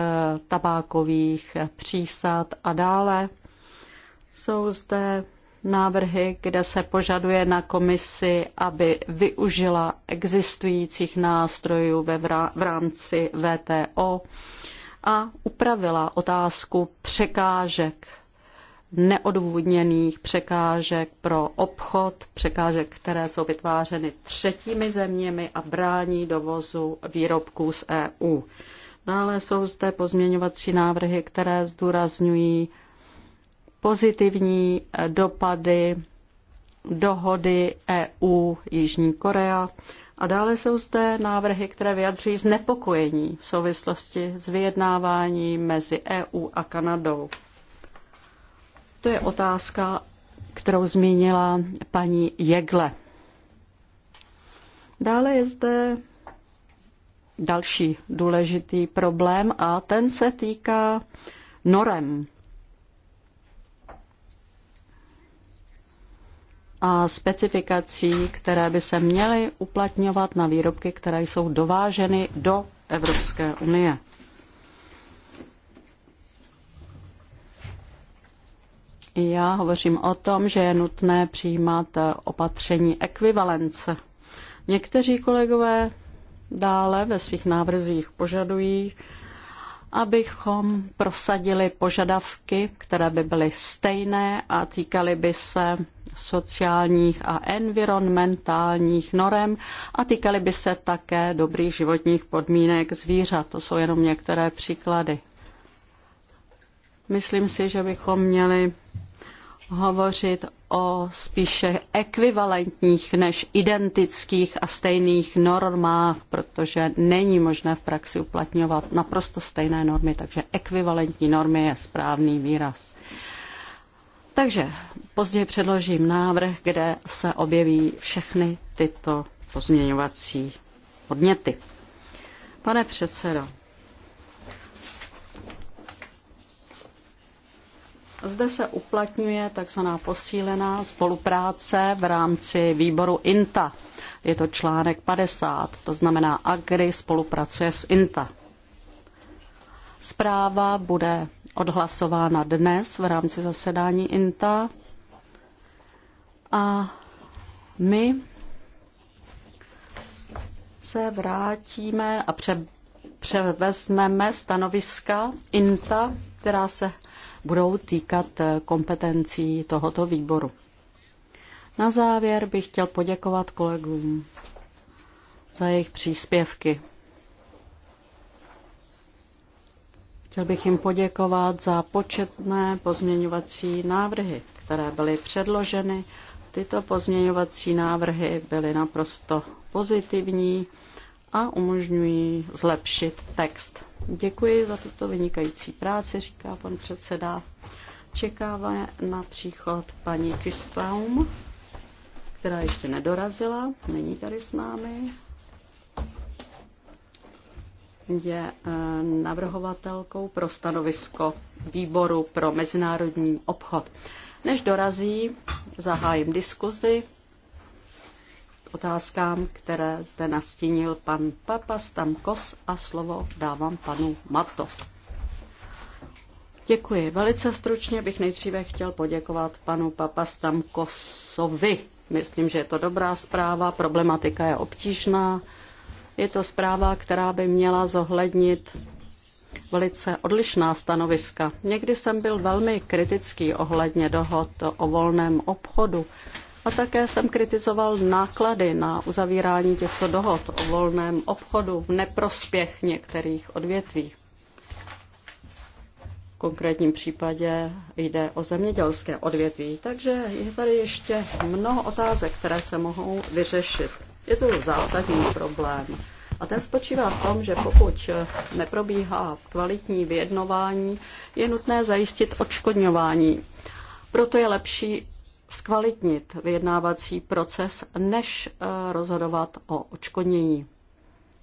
tabákových přísad a dále. Jsou zde návrhy, kde se požaduje na komisi, aby využila existujících nástrojů ve v rámci VTO a upravila otázku překážek neodůvodněných překážek pro obchod, překážek, které jsou vytvářeny třetími zeměmi a brání dovozu výrobků z EU. Dále jsou zde pozměňovací návrhy, které zdůrazňují pozitivní dopady dohody EU Jižní Korea. A dále jsou zde návrhy, které vyjadřují znepokojení v souvislosti s vyjednáváním mezi EU a Kanadou to je otázka, kterou zmínila paní Jegle. Dále je zde další důležitý problém a ten se týká norem. a specifikací, které by se měly uplatňovat na výrobky, které jsou dováženy do Evropské unie. Já hovořím o tom, že je nutné přijímat eh, opatření ekvivalence. Někteří kolegové dále ve svých návrzích požadují, abychom prosadili požadavky, které by byly stejné a týkaly by se sociálních a environmentálních norem a týkaly by se také dobrých životních podmínek zvířat. To jsou jenom některé příklady. Myslím si, že bychom měli hovořit o spíše ekvivalentních než identických a stejných normách, protože není možné v praxi uplatňovat naprosto stejné normy, takže ekvivalentní normy je správný výraz. Takže později předložím návrh, kde se objeví všechny tyto pozměňovací podněty. Pane předsedo, Zde se uplatňuje takzvaná posílená spolupráce v rámci výboru INTA. Je to článek 50, to znamená AGRI spolupracuje s INTA. Zpráva bude odhlasována dnes v rámci zasedání INTA a my se vrátíme a pře- převezmeme stanoviska INTA, která se budou týkat eh, kompetencí tohoto výboru. Na závěr bych chtěl poděkovat kolegům za jejich příspěvky. Chtěl bych jim poděkovat za početné pozměňovací návrhy, které byly předloženy. Tyto pozměňovací návrhy byly naprosto pozitivní a umožňují zlepšit text. Děkuji za tuto vynikající práci, říká pan předseda. Čekáme na příchod paní Kristaum, která ještě nedorazila, není tady s námi. Je eh, navrhovatelkou pro stanovisko výboru pro mezinárodní obchod. Než dorazí, zahájím diskuzi otázkám, které zde nastínil pan Papa Stamkos a slovo dávám panu Mato. Děkuji. Velice stručně bych nejdříve chtěl poděkovat panu Papa Stamkosovi. Myslím, že je to dobrá zpráva, problematika je obtížná. Je to zpráva, která by měla zohlednit velice odlišná stanoviska. Někdy jsem byl velmi kritický ohledně dohod o volném obchodu, a také jsem kritizoval náklady na uzavírání těchto dohod o volném obchodu v neprospěch některých odvětví. V konkrétním případě jde o zemědělské odvětví. Takže je tady ještě mnoho otázek, které se mohou vyřešit. Je to zásadní problém. A ten spočívá v tom, že pokud neprobíhá kvalitní vyjednování, je nutné zajistit odškodňování. Proto je lepší zkvalitnit vyjednávací proces, než eh, rozhodovat o očkodnění,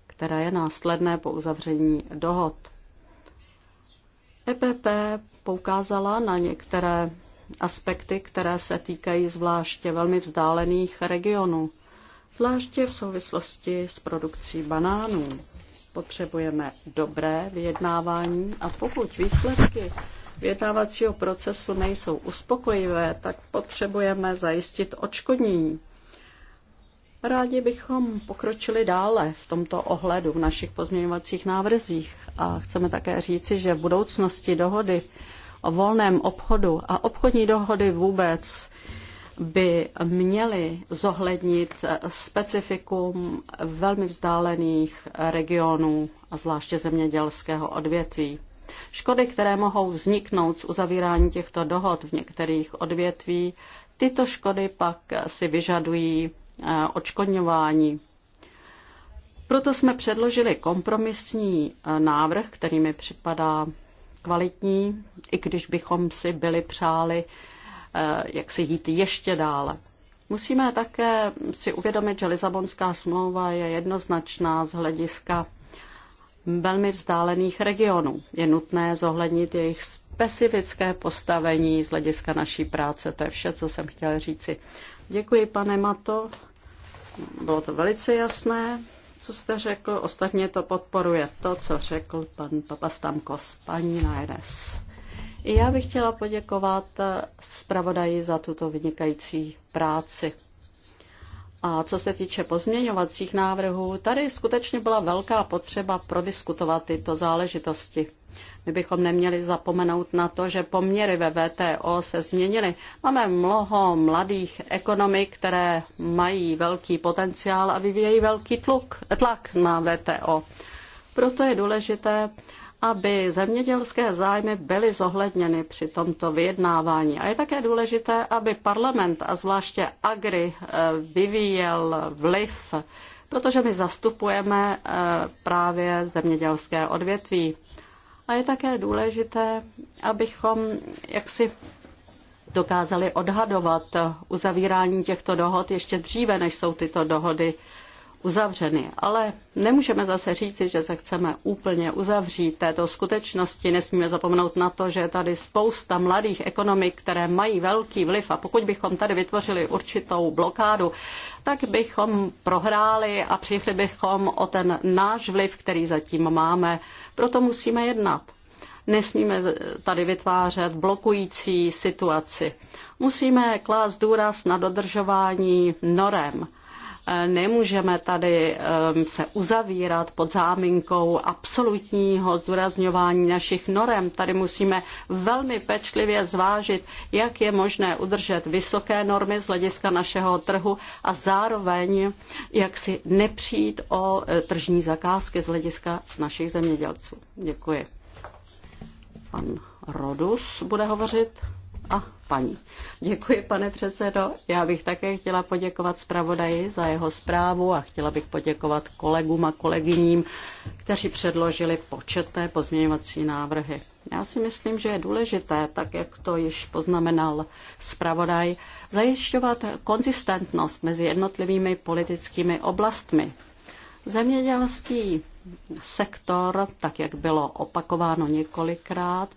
které je následné po uzavření dohod. EPP poukázala na některé aspekty, které se týkají zvláště velmi vzdálených regionů, zvláště v souvislosti s produkcí banánů. Potřebujeme dobré vyjednávání a pokud výsledky vyjednávacího procesu nejsou uspokojivé, tak potřebujeme zajistit odškodnění. Rádi bychom pokročili dále v tomto ohledu v našich pozměňovacích návrzích a chceme také říci, že v budoucnosti dohody o volném obchodu a obchodní dohody vůbec by měly zohlednit specifikum velmi vzdálených regionů a zvláště zemědělského odvětví. Škody, které mohou vzniknout z uzavírání těchto dohod v některých odvětví, tyto škody pak si vyžadují eh, odškodňování. Proto jsme předložili kompromisní eh, návrh, který mi připadá kvalitní, i když bychom si byli přáli Eh, jak si jít ještě dále. Musíme také si uvědomit, že Lisabonská smlouva je jednoznačná z hlediska velmi vzdálených regionů. Je nutné zohlednit jejich specifické postavení z hlediska naší práce. To je vše, co jsem chtěla říci. Děkuji, pane Mato. Bylo to velice jasné, co jste řekl. Ostatně to podporuje to, co řekl pan Papastamkos, paní Naires. I já bych chtěla poděkovat eh, zpravodaji za tuto vynikající práci. A co se týče pozměňovacích návrhů, tady skutečně byla velká potřeba prodiskutovat tyto záležitosti. My bychom neměli zapomenout na to, že poměry ve VTO se změnily. Máme mnoho mladých ekonomik, které mají velký potenciál a vyvíjejí velký tluk, tlak na VTO. Proto je důležité, aby zemědělské zájmy byly zohledněny při tomto vyjednávání. A je také důležité, aby parlament a zvláště Agri eh, vyvíjel vliv, protože my zastupujeme eh, právě zemědělské odvětví. A je také důležité, abychom jaksi dokázali odhadovat uzavírání těchto dohod ještě dříve, než jsou tyto dohody uzavřeny. Ale nemůžeme zase říci, že se chceme úplně uzavřít této skutečnosti. Nesmíme zapomenout na to, že je tady spousta mladých ekonomik, které mají velký vliv a pokud bychom tady vytvořili určitou blokádu, tak bychom prohráli a přišli bychom o ten náš vliv, který zatím máme. Proto musíme jednat. Nesmíme tady vytvářet blokující situaci. Musíme klást důraz na dodržování norem Eh, nemůžeme tady eh, se uzavírat pod záminkou absolutního zdůrazňování našich norem. Tady musíme velmi pečlivě zvážit, jak je možné udržet vysoké normy z hlediska našeho trhu a zároveň jak si nepřijít o eh, tržní zakázky z hlediska našich zemědělců. Děkuji. Pan Rodus bude hovořit. A ah, paní. Děkuji, pane předsedo. Já bych také chtěla poděkovat zpravodaji za jeho zprávu a chtěla bych poděkovat kolegům a kolegyním, kteří předložili početné pozměňovací návrhy. Já si myslím, že je důležité, tak jak to již poznamenal zpravodaj, zajišťovat konzistentnost mezi jednotlivými politickými oblastmi Zemědělský sektor, tak jak bylo opakováno několikrát,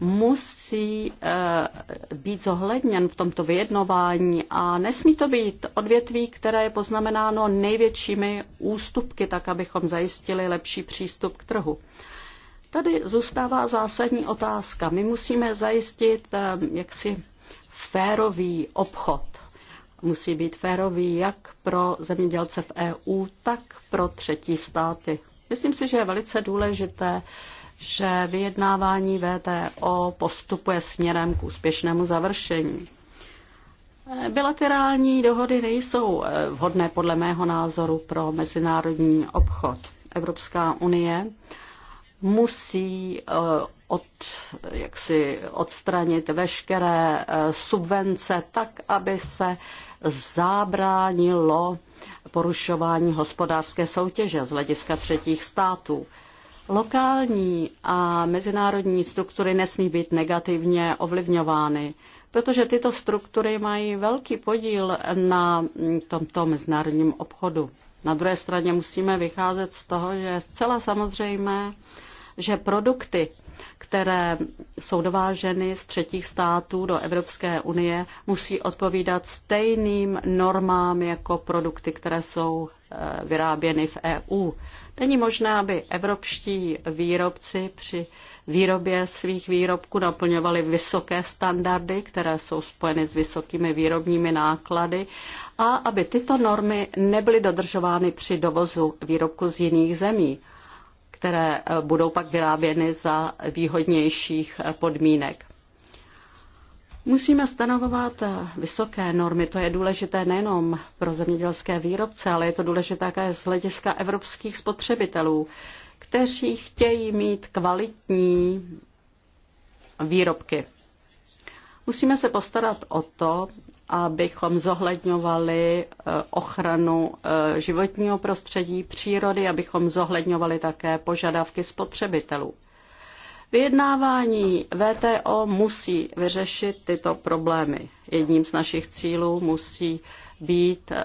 musí eh, být zohledněn v tomto vyjednování a nesmí to být odvětví, které je poznamenáno největšími ústupky, tak abychom zajistili lepší přístup k trhu. Tady zůstává zásadní otázka. My musíme zajistit eh, jaksi férový obchod musí být férový jak pro zemědělce v EU, tak pro třetí státy. Myslím si, že je velice důležité, že vyjednávání VTO postupuje směrem k úspěšnému završení. Bilaterální dohody nejsou eh, vhodné podle mého názoru pro mezinárodní obchod. Evropská unie musí eh, od, jaksi odstranit veškeré eh, subvence tak, aby se zabránilo porušování hospodářské soutěže z hlediska třetích států. Lokální a mezinárodní struktury nesmí být negativně ovlivňovány, protože tyto struktury mají velký podíl na tomto mezinárodním obchodu. Na druhé straně musíme vycházet z toho, že je zcela samozřejmé, že produkty, které jsou dováženy z třetích států do Evropské unie, musí odpovídat stejným normám jako produkty, které jsou eh, vyráběny v EU. Není možné, aby evropští výrobci při výrobě svých výrobků naplňovali vysoké standardy, které jsou spojeny s vysokými výrobními náklady a aby tyto normy nebyly dodržovány při dovozu výrobku z jiných zemí které eh, budou pak vyráběny za výhodnějších eh, podmínek. Musíme stanovovat eh, vysoké normy. To je důležité nejenom pro zemědělské výrobce, ale je to důležité také z hlediska evropských spotřebitelů, kteří chtějí mít kvalitní výrobky. Musíme se postarat o to, abychom zohledňovali eh, ochranu eh, životního prostředí, přírody, abychom zohledňovali také požadavky spotřebitelů. Vyjednávání VTO musí vyřešit tyto problémy. Jedním z našich cílů musí být eh,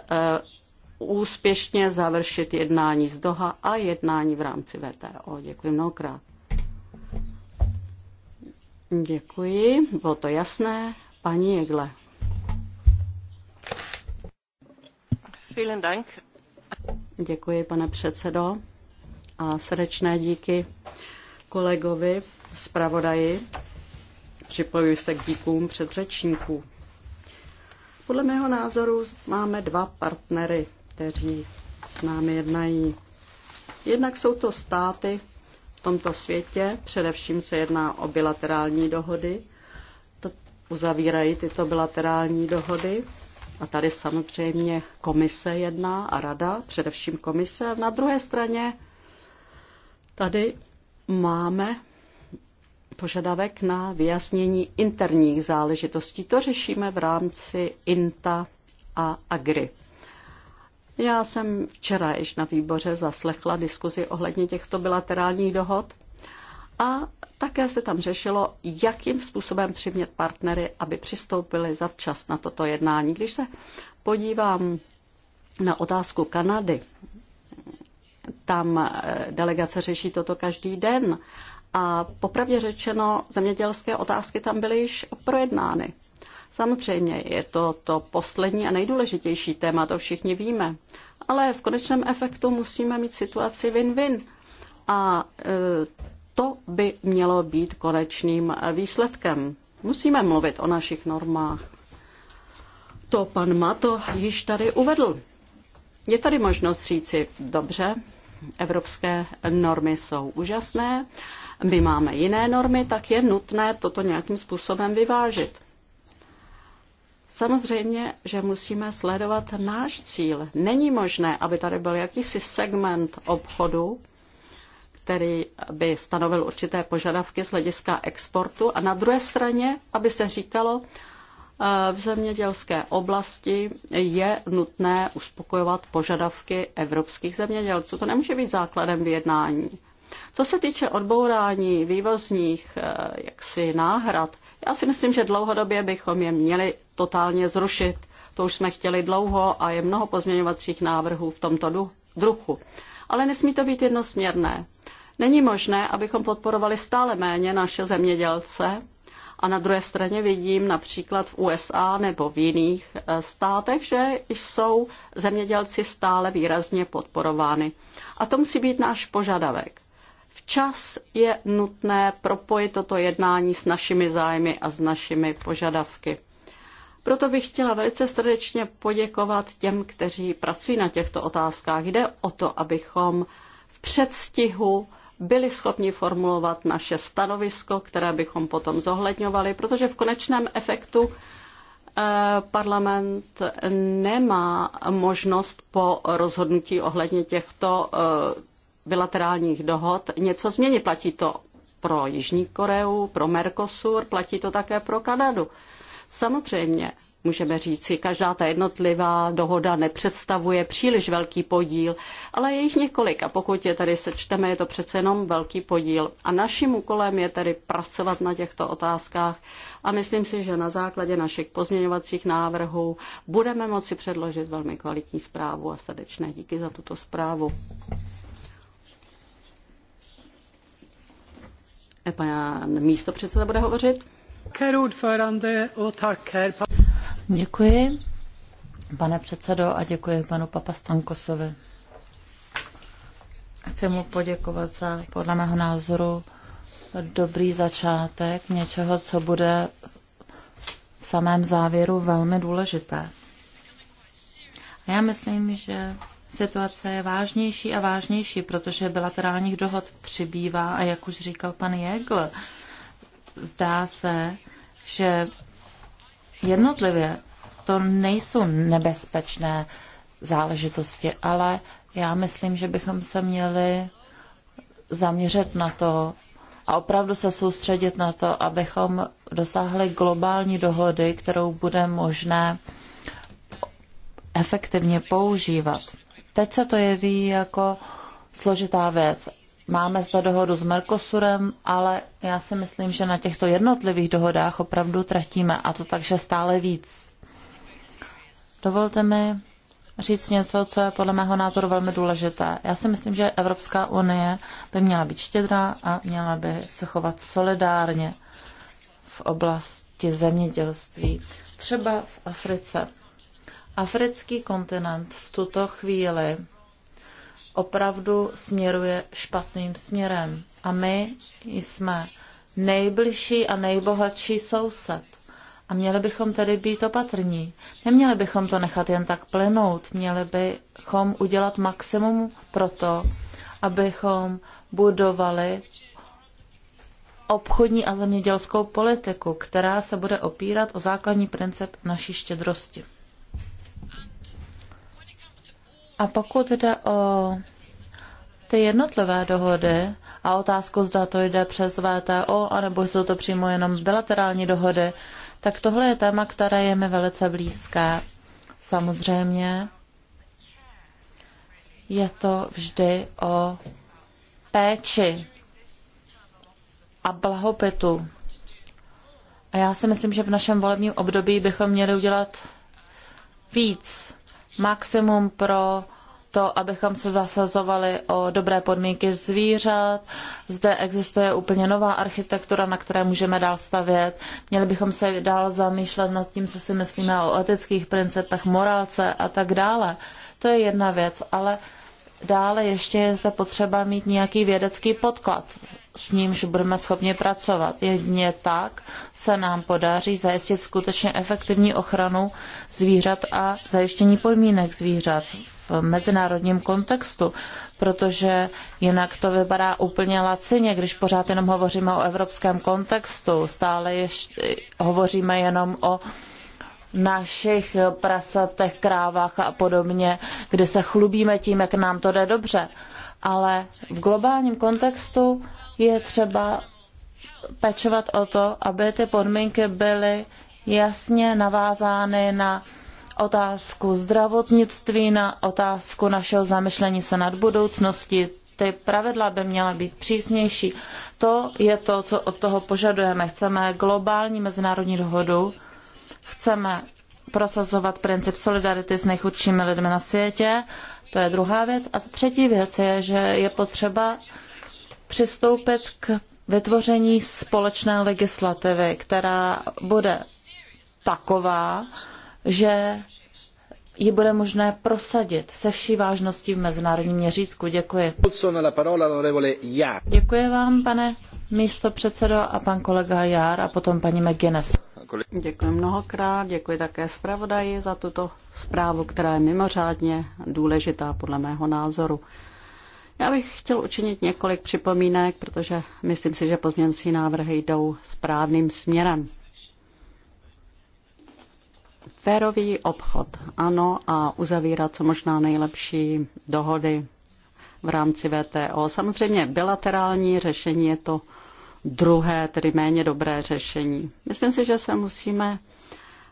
úspěšně završit jednání z Doha a jednání v rámci VTO. Děkuji mnohokrát. Děkuji, bylo to jasné. Paní Jegle. Děkuji, pane předsedo, a srdečné díky kolegovi, zpravodaji. Připojuji se k díkům předřečníků. Podle mého názoru máme dva partnery, kteří s námi jednají. Jednak jsou to státy v tomto světě, především se jedná o bilaterální dohody, to uzavírají tyto bilaterální dohody a tady samozřejmě komise jedná a rada, především komise. Na druhé straně tady máme požadavek na vyjasnění interních záležitostí. To řešíme v rámci INTA a AGRI. Já jsem včera již na výboře zaslechla diskuzi ohledně těchto bilaterálních dohod a také se tam řešilo, jakým způsobem přimět partnery, aby přistoupili zavčas na toto jednání. Když se podívám na otázku Kanady, tam eh, delegace řeší toto každý den a popravdě řečeno zemědělské otázky tam byly již projednány. Samozřejmě je to to poslední a nejdůležitější téma, to všichni víme, ale v konečném efektu musíme mít situaci win-win. A e, to by mělo být konečným výsledkem. Musíme mluvit o našich normách. To pan Mato již tady uvedl. Je tady možnost říci, dobře, evropské normy jsou úžasné, my máme jiné normy, tak je nutné toto nějakým způsobem vyvážit. Samozřejmě, že musíme sledovat náš cíl. Není možné, aby tady byl jakýsi segment obchodu, který by stanovil určité požadavky z hlediska exportu a na druhé straně, aby se říkalo, eh, v zemědělské oblasti je nutné uspokojovat požadavky evropských zemědělců. To nemůže být základem vyjednání. Co se týče odbourání vývozních eh, jaksi náhrad, já si myslím, že dlouhodobě bychom je měli totálně zrušit. To už jsme chtěli dlouho a je mnoho pozměňovacích návrhů v tomto druhu ale nesmí to být jednosměrné. Není možné, abychom podporovali stále méně naše zemědělce a na druhé straně vidím například v USA nebo v jiných eh, státech, že jsou zemědělci stále výrazně podporovány. A to musí být náš požadavek. Včas je nutné propojit toto jednání s našimi zájmy a s našimi požadavky. Proto bych chtěla velice srdečně poděkovat těm, kteří pracují na těchto otázkách. Jde o to, abychom v předstihu byli schopni formulovat naše stanovisko, které bychom potom zohledňovali, protože v konečném efektu eh, parlament nemá možnost po rozhodnutí ohledně těchto eh, bilaterálních dohod něco změnit. Platí to pro Jižní Koreu, pro Mercosur, platí to také pro Kanadu. Samozřejmě můžeme říci, každá ta jednotlivá dohoda nepředstavuje příliš velký podíl, ale je jich několik a pokud je tady sečteme, je to přece jenom velký podíl. A naším úkolem je tedy pracovat na těchto otázkách a myslím si, že na základě našich pozměňovacích návrhů budeme moci předložit velmi kvalitní zprávu a srdečné díky za tuto zprávu. E, pan místo předseda bude hovořit. Děkuji, pane předsedo, a děkuji panu Papastankosovi. Chci mu poděkovat za, podle mého názoru, dobrý začátek něčeho, co bude v samém závěru velmi důležité. A já myslím, že situace je vážnější a vážnější, protože bilaterálních dohod přibývá a jak už říkal pan Jegl, zdá se, že jednotlivě to nejsou nebezpečné záležitosti, ale já myslím, že bychom se měli zaměřit na to a opravdu se soustředit na to, abychom dosáhli globální dohody, kterou bude možné efektivně používat. Teď se to jeví jako složitá věc, Máme zde dohodu s Mercosurem, ale já si myslím, že na těchto jednotlivých dohodách opravdu tratíme a to takže stále víc. Dovolte mi říct něco, co je podle mého názoru velmi důležité. Já si myslím, že Evropská unie by měla být štědrá a měla by se chovat solidárně v oblasti zemědělství. Třeba v Africe. Africký kontinent v tuto chvíli opravdu směruje špatným směrem. A my jsme nejbližší a nejbohatší soused. A měli bychom tedy být opatrní. Neměli bychom to nechat jen tak plynout. Měli bychom udělat maximum pro to, abychom budovali obchodní a zemědělskou politiku, která se bude opírat o základní princip naší štědrosti. A pokud jde o ty jednotlivé dohody a otázku, zda to jde přes VTO, anebo jsou to přímo jenom bilaterální dohody, tak tohle je téma, které je mi velice blízké. Samozřejmě je to vždy o péči a blahobytu. A já si myslím, že v našem volebním období bychom měli udělat víc maximum pro to, abychom se zasazovali o dobré podmínky zvířat. Zde existuje úplně nová architektura, na které můžeme dál stavět. Měli bychom se dál zamýšlet nad tím, co si myslíme o etických principech, morálce a tak dále. To je jedna věc, ale Dále ještě je zde potřeba mít nějaký vědecký podklad, s nímž budeme schopni pracovat. Jedině tak se nám podaří zajistit skutečně efektivní ochranu zvířat a zajištění podmínek zvířat v mezinárodním kontextu, protože jinak to vypadá úplně lacině, když pořád jenom hovoříme o evropském kontextu, stále ještě hovoříme jenom o našich prasatech, krávách a podobně, kde se chlubíme tím, jak nám to jde dobře. Ale v globálním kontextu je třeba pečovat o to, aby ty podmínky byly jasně navázány na otázku zdravotnictví, na otázku našeho zamyšlení se nad budoucností. Ty pravidla by měla být přísnější. To je to, co od toho požadujeme. Chceme globální mezinárodní dohodu, Chceme prosazovat princip solidarity s nejchudšími lidmi na světě, to je druhá věc. A třetí věc je, že je potřeba přistoupit k vytvoření společné legislativy, která bude taková, že ji bude možné prosadit se vší vážností v mezinárodním měřítku. Děkuji. Děkuji vám, pane místo předsedo a pan kolega Jár a potom paní McGuinness. Děkuji mnohokrát, děkuji také zpravodaji za tuto zprávu, která je mimořádně důležitá podle mého názoru. Já bych chtěl učinit několik připomínek, protože myslím si, že pozměnci návrhy jdou správným směrem. Férový obchod, ano, a uzavírat co možná nejlepší dohody v rámci VTO. Samozřejmě bilaterální řešení je to druhé, tedy méně dobré řešení. Myslím si, že se musíme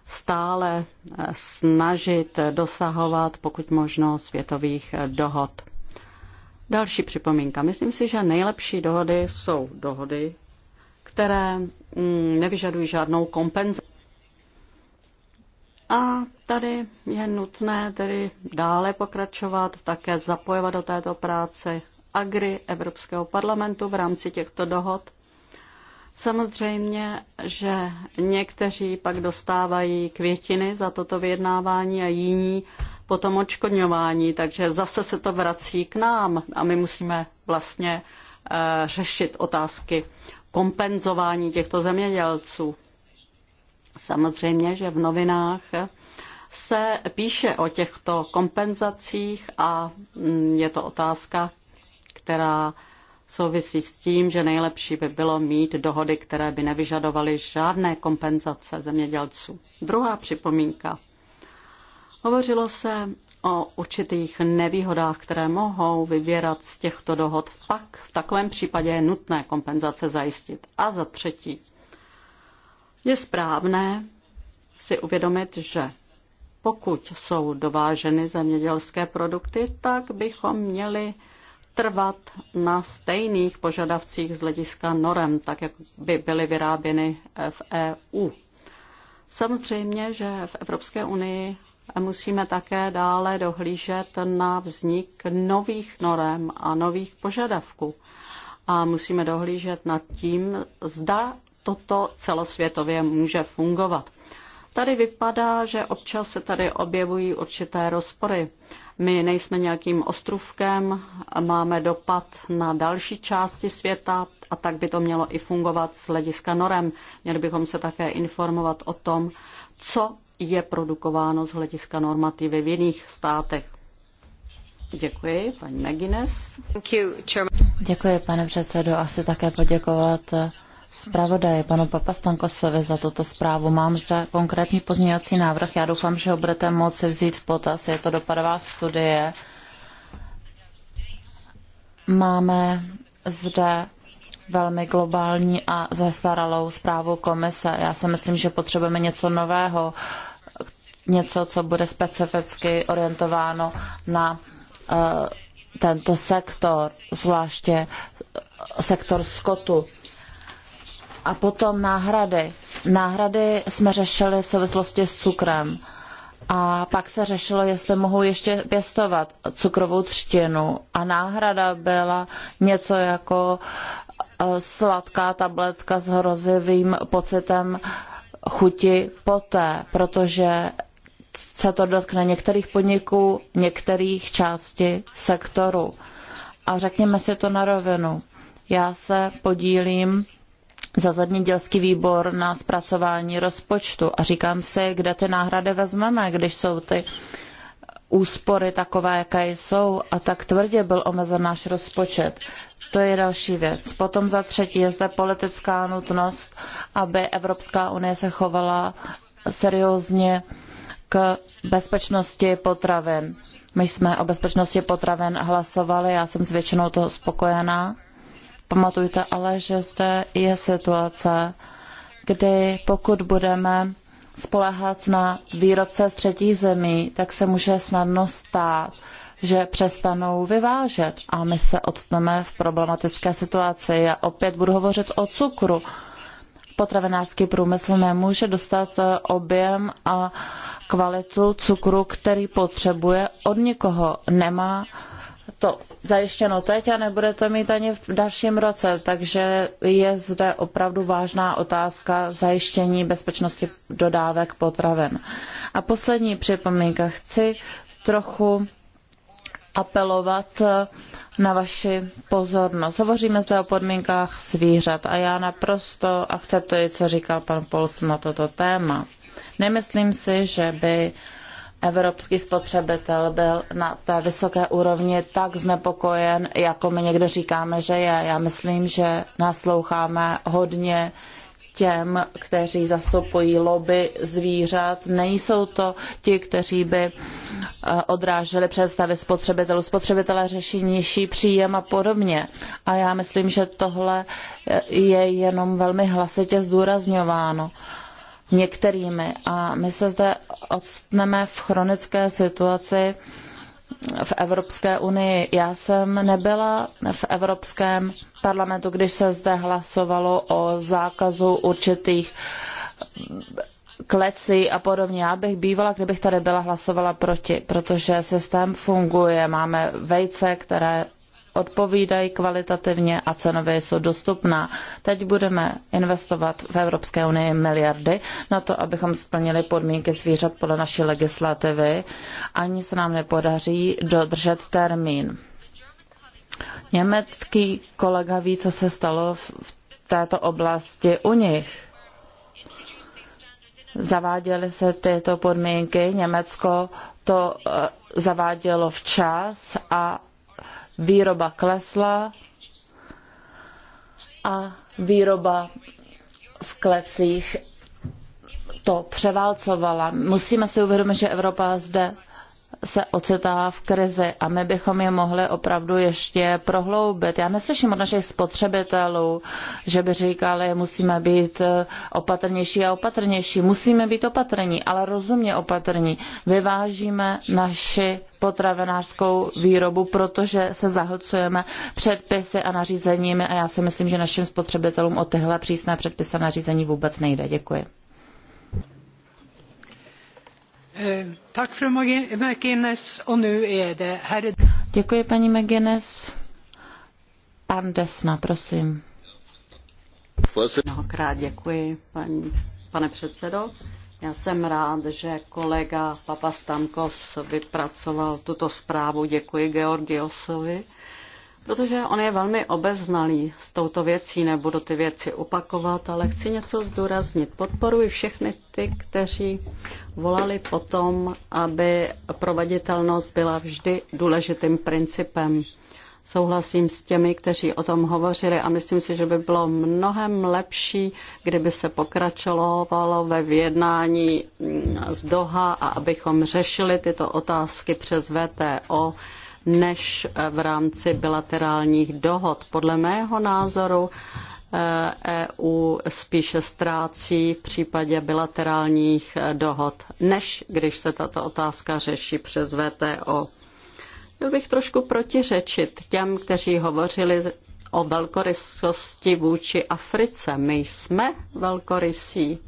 stále eh, snažit dosahovat pokud možno světových eh, dohod. Další připomínka. Myslím si, že nejlepší dohody jsou dohody, které mm, nevyžadují žádnou kompenzaci. A tady je nutné tedy dále pokračovat, také zapojovat do této práce agry Evropského parlamentu v rámci těchto dohod Samozřejmě, že někteří pak dostávají květiny za toto vyjednávání a jiní potom očkodňování, takže zase se to vrací k nám a my musíme vlastně eh, řešit otázky kompenzování těchto zemědělců. Samozřejmě, že v novinách se píše o těchto kompenzacích a mm, je to otázka, která souvisí s tím, že nejlepší by bylo mít dohody, které by nevyžadovaly žádné kompenzace zemědělců. Druhá připomínka. Hovořilo se o určitých nevýhodách, které mohou vyvěrat z těchto dohod. Pak v takovém případě je nutné kompenzace zajistit. A za třetí, je správné si uvědomit, že pokud jsou dováženy zemědělské produkty, tak bychom měli trvat na stejných požadavcích z hlediska norem, tak jak by byly vyráběny v EU. Samozřejmě, že v Evropské unii musíme také dále dohlížet na vznik nových norem a nových požadavků. A musíme dohlížet nad tím, zda toto celosvětově může fungovat. Tady vypadá, že občas se tady objevují určité rozpory. My nejsme nějakým ostrovkem, máme dopad na další části světa a tak by to mělo i fungovat z hlediska norem. Měli bychom se také informovat o tom, co je produkováno z hlediska normativy v jiných státech. Děkuji, paní McGuinness. Děkuji, pane předsedo. Asi také poděkovat zpravodaje, panu Papastankosovi, za tuto zprávu. Mám zde konkrétní pozměňovací návrh. Já doufám, že ho budete moci vzít v potaz. Je to dopadová studie. Máme zde velmi globální a zastaralou zprávu komise. Já si myslím, že potřebujeme něco nového, něco, co bude specificky orientováno na uh, tento sektor, zvláště sektor skotu. A potom náhrady. Náhrady jsme řešili v souvislosti s cukrem. A pak se řešilo, jestli mohou ještě pěstovat cukrovou třtinu. A náhrada byla něco jako e, sladká tabletka s hrozivým pocitem chuti poté, protože se to dotkne některých podniků, některých části sektoru. A řekněme si to na rovinu. Já se podílím za zemědělský výbor na zpracování rozpočtu a říkám si, kde ty náhrady vezmeme, když jsou ty úspory takové, jaké jsou a tak tvrdě byl omezen náš rozpočet. To je další věc. Potom za třetí je zde politická nutnost, aby Evropská unie se chovala seriózně k bezpečnosti potravin. My jsme o bezpečnosti potravin hlasovali, já jsem s většinou toho spokojená pamatujte ale, že zde je situace, kdy pokud budeme spolehat na výrobce z třetí zemí, tak se může snadno stát, že přestanou vyvážet a my se odstneme v problematické situaci. Já opět budu hovořit o cukru. Potravinářský průmysl nemůže dostat eh, objem a kvalitu cukru, který potřebuje od nikoho. Nemá to zajištěno teď a nebude to mít ani v dalším roce, takže je zde opravdu vážná otázka zajištění bezpečnosti dodávek potravin. A poslední připomínka. Chci trochu apelovat na vaši pozornost. Hovoříme zde o podmínkách zvířat a já naprosto akceptuji, co říkal pan Pols na toto téma. Nemyslím si, že by evropský spotřebitel byl na té vysoké úrovni tak znepokojen, jako my někde říkáme, že je. Já myslím, že nasloucháme hodně těm, kteří zastupují lobby zvířat. Nejsou to ti, kteří by eh, odráželi představy spotřebitelů. Spotřebitelé řeší nižší příjem a podobně. A já myslím, že tohle eh, je jenom velmi hlasitě zdůrazňováno některými. A my se zde odstneme v chronické situaci v Evropské unii. Já jsem nebyla v Evropském parlamentu, když se zde hlasovalo o zákazu určitých kleci a podobně. Já bych bývala, kdybych tady byla, hlasovala proti, protože systém funguje. Máme vejce, které odpovídají kvalitativně a cenově jsou dostupná. Teď budeme investovat v Evropské unii miliardy na to, abychom splnili podmínky zvířat podle naší legislativy. Ani se nám nepodaří dodržet termín. Německý kolega ví, co se stalo v této oblasti u nich. Zaváděly se tyto podmínky, Německo to eh, zavádělo včas a výroba klesla a výroba v klecích to převálcovala. Musíme si uvědomit, že Evropa zde se ocitá v krizi a my bychom je mohli opravdu ještě prohloubit. Já neslyším od našich spotřebitelů, že by říkali, musíme být opatrnější a opatrnější. Musíme být opatrní, ale rozumně opatrní. Vyvážíme naši potravinářskou výrobu, protože se zahlcujeme předpisy a nařízeními a já si myslím, že našim spotřebitelům o tyhle přísné předpisy a nařízení vůbec nejde. Děkuji. Eh, děkuji, paní McGuinness. Pan Desna, prosím. Mnohokrát děkuji, paní, pane předsedo. Já jsem rád, že kolega papastamkos vypracoval tuto zprávu. Děkuji Georgiosovi protože on je velmi obeznalý s touto věcí, nebudu ty věci opakovat, ale chci něco zdůraznit. Podporuji všechny ty, kteří volali potom, aby proveditelnost byla vždy důležitým principem. Souhlasím s těmi, kteří o tom hovořili a myslím si, že by bylo mnohem lepší, kdyby se pokračovalo ve vyjednání mm, z Doha a abychom řešili tyto otázky přes VTO než v rámci bilaterálních dohod. Podle mého názoru eh, EU spíše ztrácí v případě bilaterálních dohod, než když se tato otázka řeší přes VTO. Chtěl bych trošku protiřečit těm, kteří hovořili o velkorysosti vůči Africe. My jsme velkorysí.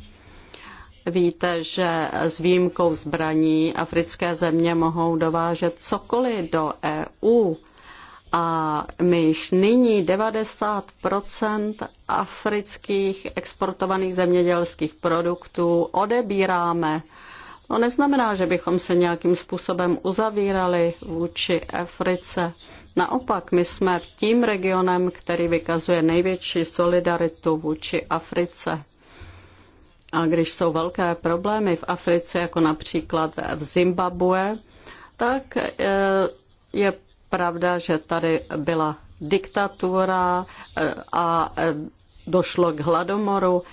Víte, že s výjimkou zbraní africké země mohou dovážet cokoliv do EU. A my již nyní 90 afrických exportovaných zemědělských produktů odebíráme. To neznamená, že bychom se nějakým způsobem uzavírali vůči Africe. Naopak, my jsme tím regionem, který vykazuje největší solidaritu vůči Africe. A když jsou velké problémy v Africe, jako například v Zimbabwe, tak e, je pravda, že tady byla diktatura e, a e, došlo k hladomoru.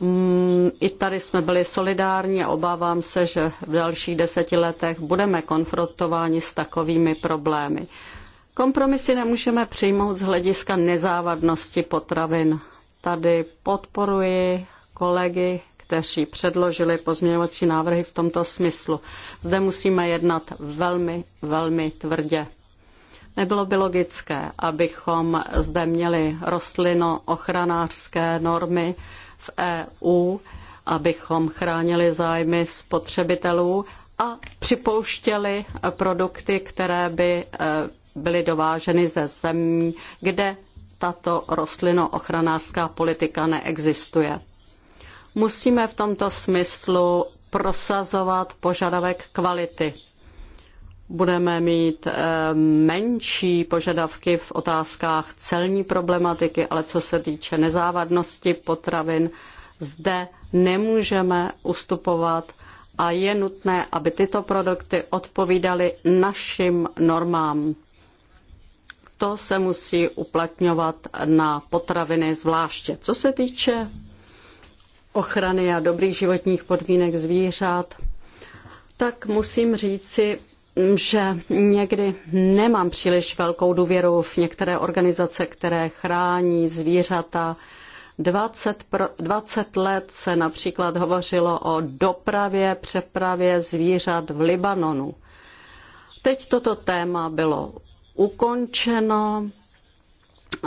Mm, I tady jsme byli solidární a obávám se, že v dalších deseti letech budeme konfrontováni s takovými problémy. Kompromisy nemůžeme přijmout z hlediska nezávadnosti potravin. Tady podporuji kolegy kteří předložili pozměňovací návrhy v tomto smyslu. Zde musíme jednat velmi, velmi tvrdě. Nebylo by logické, abychom zde měli rostlino-ochranářské normy v EU, abychom chránili zájmy spotřebitelů a připouštěli produkty, které by e, byly dováženy ze zemí, kde tato rostlino-ochranářská politika neexistuje musíme v tomto smyslu prosazovat požadavek kvality. Budeme mít eh, menší požadavky v otázkách celní problematiky, ale co se týče nezávadnosti potravin, zde nemůžeme ustupovat a je nutné, aby tyto produkty odpovídaly našim normám. To se musí uplatňovat na potraviny zvláště. Co se týče ochrany a dobrých životních podmínek zvířat, tak musím říci, že někdy nemám příliš velkou důvěru v některé organizace, které chrání zvířata. 20, pro, 20 let se například hovořilo o dopravě, přepravě zvířat v Libanonu. Teď toto téma bylo ukončeno,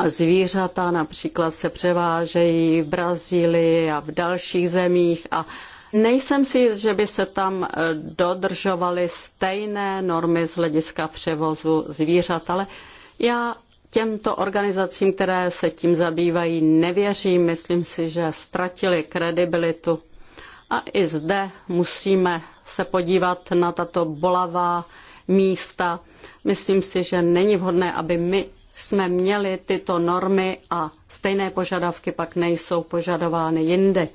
zvířata například se převážejí v Brazílii a v dalších zemích a nejsem si, že by se tam eh, dodržovaly stejné normy z hlediska převozu zvířat, ale já těmto organizacím, které se tím zabývají, nevěřím. Myslím si, že ztratili kredibilitu. A i zde musíme se podívat na tato bolavá místa. Myslím si, že není vhodné, aby my jsme měli tyto normy a stejné požadavky pak nejsou požadovány jinde.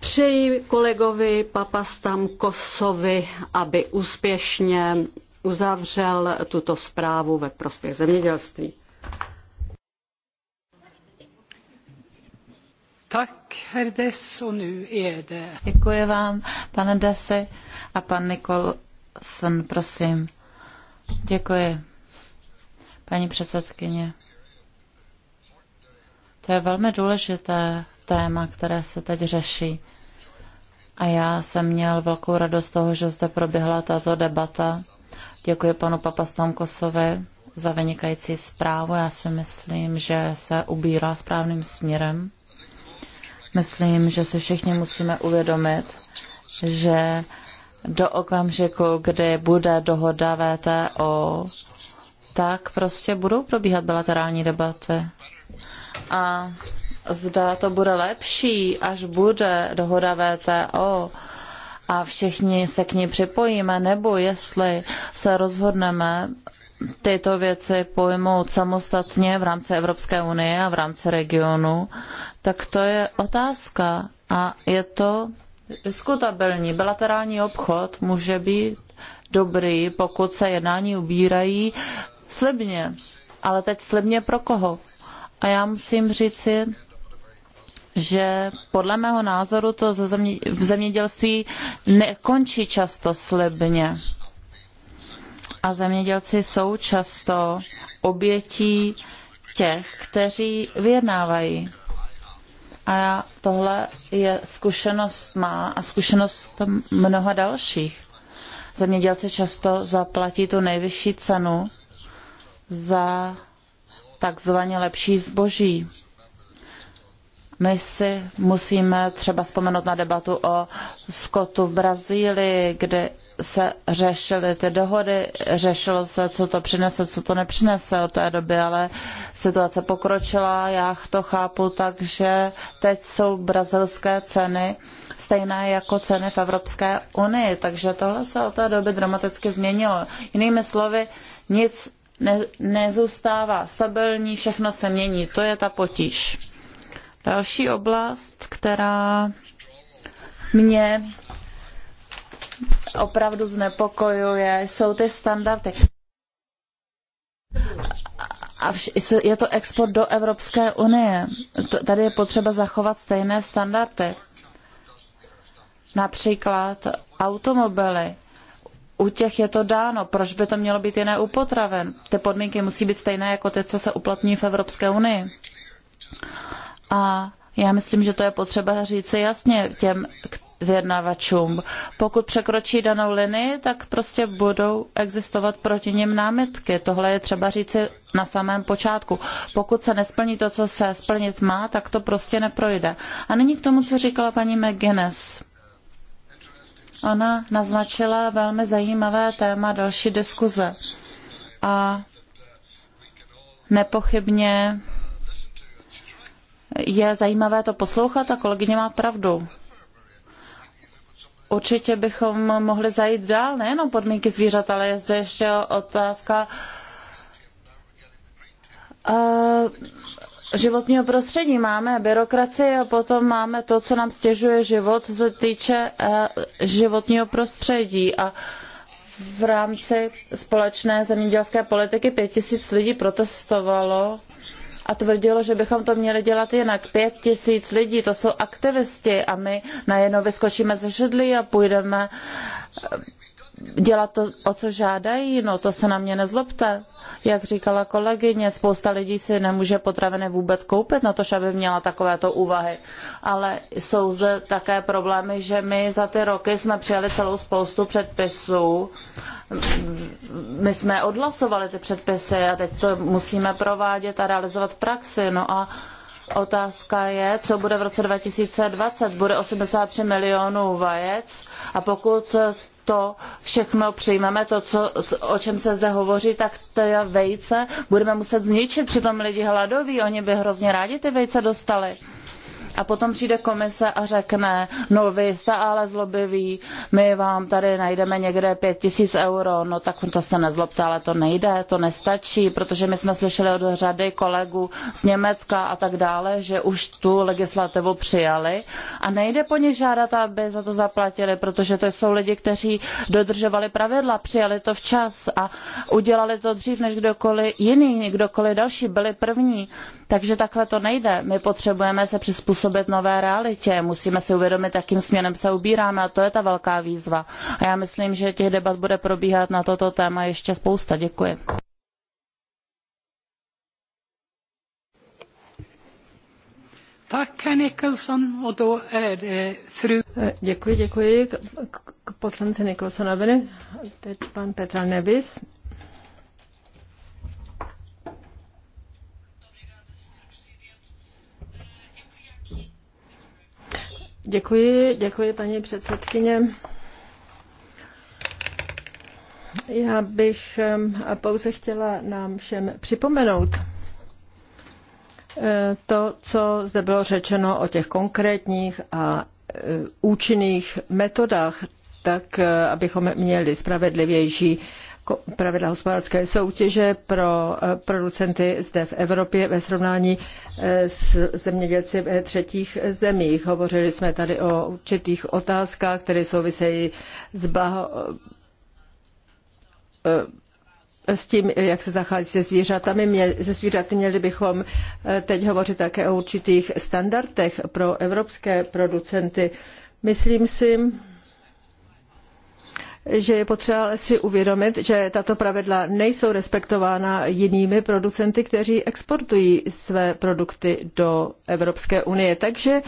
Přeji kolegovi Papastam Kosovi, aby úspěšně uzavřel tuto zprávu ve prospěch zemědělství. Tak, herdes nu Děkuji vám, pane Desse a pan Nikolson, prosím. Děkuji paní předsedkyně. To je velmi důležité téma, které se teď řeší. A já jsem měl velkou radost toho, že zde proběhla tato debata. Děkuji panu Papastamkosovi za vynikající zprávu. Já si myslím, že se ubírá správným směrem. Myslím, že si všichni musíme uvědomit, že do okamžiku, kdy bude dohoda VTO tak prostě budou probíhat bilaterální debaty. A zda to bude lepší, až bude dohoda VTO a všichni se k ní připojíme, nebo jestli se rozhodneme tyto věci pojmout samostatně v rámci Evropské unie a v rámci regionu, tak to je otázka. A je to diskutabilní. Bilaterální obchod může být dobrý, pokud se jednání ubírají slibně, ale teď slibně pro koho? A já musím říci, že podle mého názoru to v zemědělství nekončí často slibně. A zemědělci jsou často obětí těch, kteří vyjednávají. A já, tohle je zkušenost má a zkušenost mnoha dalších. Zemědělci často zaplatí tu nejvyšší cenu za takzvaně lepší zboží. My si musíme třeba vzpomenout na debatu o skotu v Brazílii, kde se řešily ty dohody, řešilo se, co to přinese, co to nepřinese od té doby, ale situace pokročila, já to chápu, takže teď jsou brazilské ceny stejné jako ceny v Evropské unii, takže tohle se od té doby dramaticky změnilo. Jinými slovy, nic ne, nezůstává stabilní, všechno se mění. To je ta potíž. Další oblast, která mě opravdu znepokojuje, jsou ty standardy. A je to export do Evropské unie. Tady je potřeba zachovat stejné standardy. Například automobily u těch je to dáno. Proč by to mělo být jiné u potraven? Ty podmínky musí být stejné jako ty, co se uplatní v Evropské unii. A já myslím, že to je potřeba říci jasně těm vyjednavačům. Pokud překročí danou linii, tak prostě budou existovat proti nim námitky. Tohle je třeba říci na samém počátku. Pokud se nesplní to, co se splnit má, tak to prostě neprojde. A nyní k tomu, co říkala paní McGuinness. Ona naznačila velmi zajímavé téma další diskuze. A nepochybně je zajímavé to poslouchat a kolegyně má pravdu. Určitě bychom mohli zajít dál, nejenom podmínky zvířat, ale je zde ještě otázka životního prostředí. Máme byrokracii a potom máme to, co nám stěžuje život, co se týče eh, životního prostředí. A v rámci společné zemědělské politiky pět tisíc lidí protestovalo a tvrdilo, že bychom to měli dělat jinak. Pět tisíc lidí, to jsou aktivisti a my najednou vyskočíme ze židlí a půjdeme dělat to, o co žádají, no to se na mě nezlobte. Jak říkala kolegyně, spousta lidí si nemůže potraviny vůbec koupit, na to, aby měla takovéto úvahy. Ale jsou zde také problémy, že my za ty roky jsme přijali celou spoustu předpisů. My jsme odhlasovali ty předpisy a teď to musíme provádět a realizovat v praxi. No a Otázka je, co bude v roce 2020. Bude 83 milionů vajec a pokud to všechno přijmeme, to, co, o čem se zde hovoří, tak ty vejce budeme muset zničit. Přitom lidi hladoví, oni by hrozně rádi ty vejce dostali a potom přijde komise a řekne, no vy jste ale zlobivý, my vám tady najdeme někde pět tisíc euro, no tak to se nezlobte, ale to nejde, to nestačí, protože my jsme slyšeli od řady kolegů z Německa a tak dále, že už tu legislativu přijali a nejde po ně žádat, aby za to zaplatili, protože to jsou lidi, kteří dodržovali pravidla, přijali to včas a udělali to dřív než kdokoliv jiný, kdokoliv další, byli první. Takže takhle to nejde. My potřebujeme se přizpůsobit přizpůsobit nové realitě. Musíme si uvědomit, jakým směrem se ubíráme a to je ta velká výzva. A já myslím, že těch debat bude probíhat na toto téma ještě spousta. Děkuji. Eh, děkuji, děkuji k poslanci Nicholsonovi. Teď pan Petra Nevis. Děkuji, děkuji paní předsedkyně. Já bych pouze chtěla nám všem připomenout eh, to, co zde bylo řečeno o těch konkrétních a eh, účinných metodách, tak eh, abychom měli spravedlivější pravidla hospodářské soutěže pro eh, producenty zde v Evropě ve srovnání eh, s zemědělci ve třetích zemích. Hovořili jsme tady o určitých otázkách, které souvisejí s blaho eh, s tím, jak se zachází se zvířatami, se zvířaty měli bychom teď hovořit také o určitých standardech pro evropské producenty. Myslím si, že je potřeba si uvědomit, že tato pravidla nejsou respektována jinými producenty, kteří exportují své produkty do Evropské unie. Takže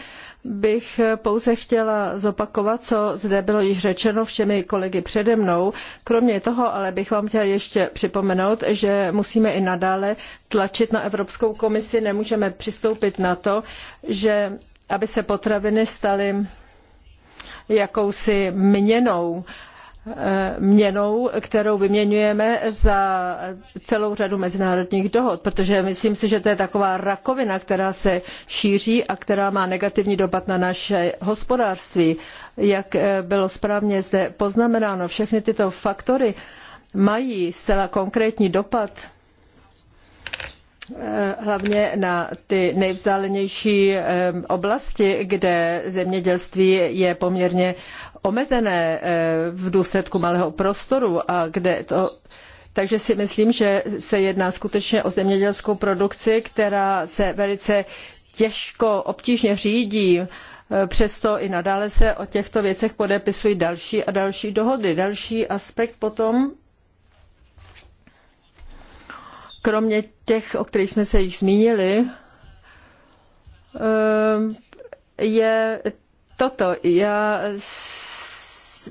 bych pouze chtěla zopakovat, co zde bylo již řečeno všemi kolegy přede mnou. Kromě toho ale bych vám chtěla ještě připomenout, že musíme i nadále tlačit na Evropskou komisi, nemůžeme přistoupit na to, že aby se potraviny staly jakousi měnou Eh, měnou, kterou vyměňujeme za celou řadu mezinárodních dohod, protože myslím si, že to je taková rakovina, která se šíří a která má negativní dopad na naše hospodářství. Jak eh, bylo správně zde poznamenáno, všechny tyto faktory mají zcela konkrétní dopad eh, hlavně na ty nejvzdálenější oblasti, kde zemědělství je poměrně omezené eh, v důsledku malého prostoru a kde to takže si myslím, že se jedná skutečně o zemědělskou produkci, která se velice těžko, obtížně řídí. Eh, přesto i nadále se o těchto věcech podepisují další a další dohody. Další aspekt potom, kromě těch, o kterých jsme se již zmínili, eh, je toto. Já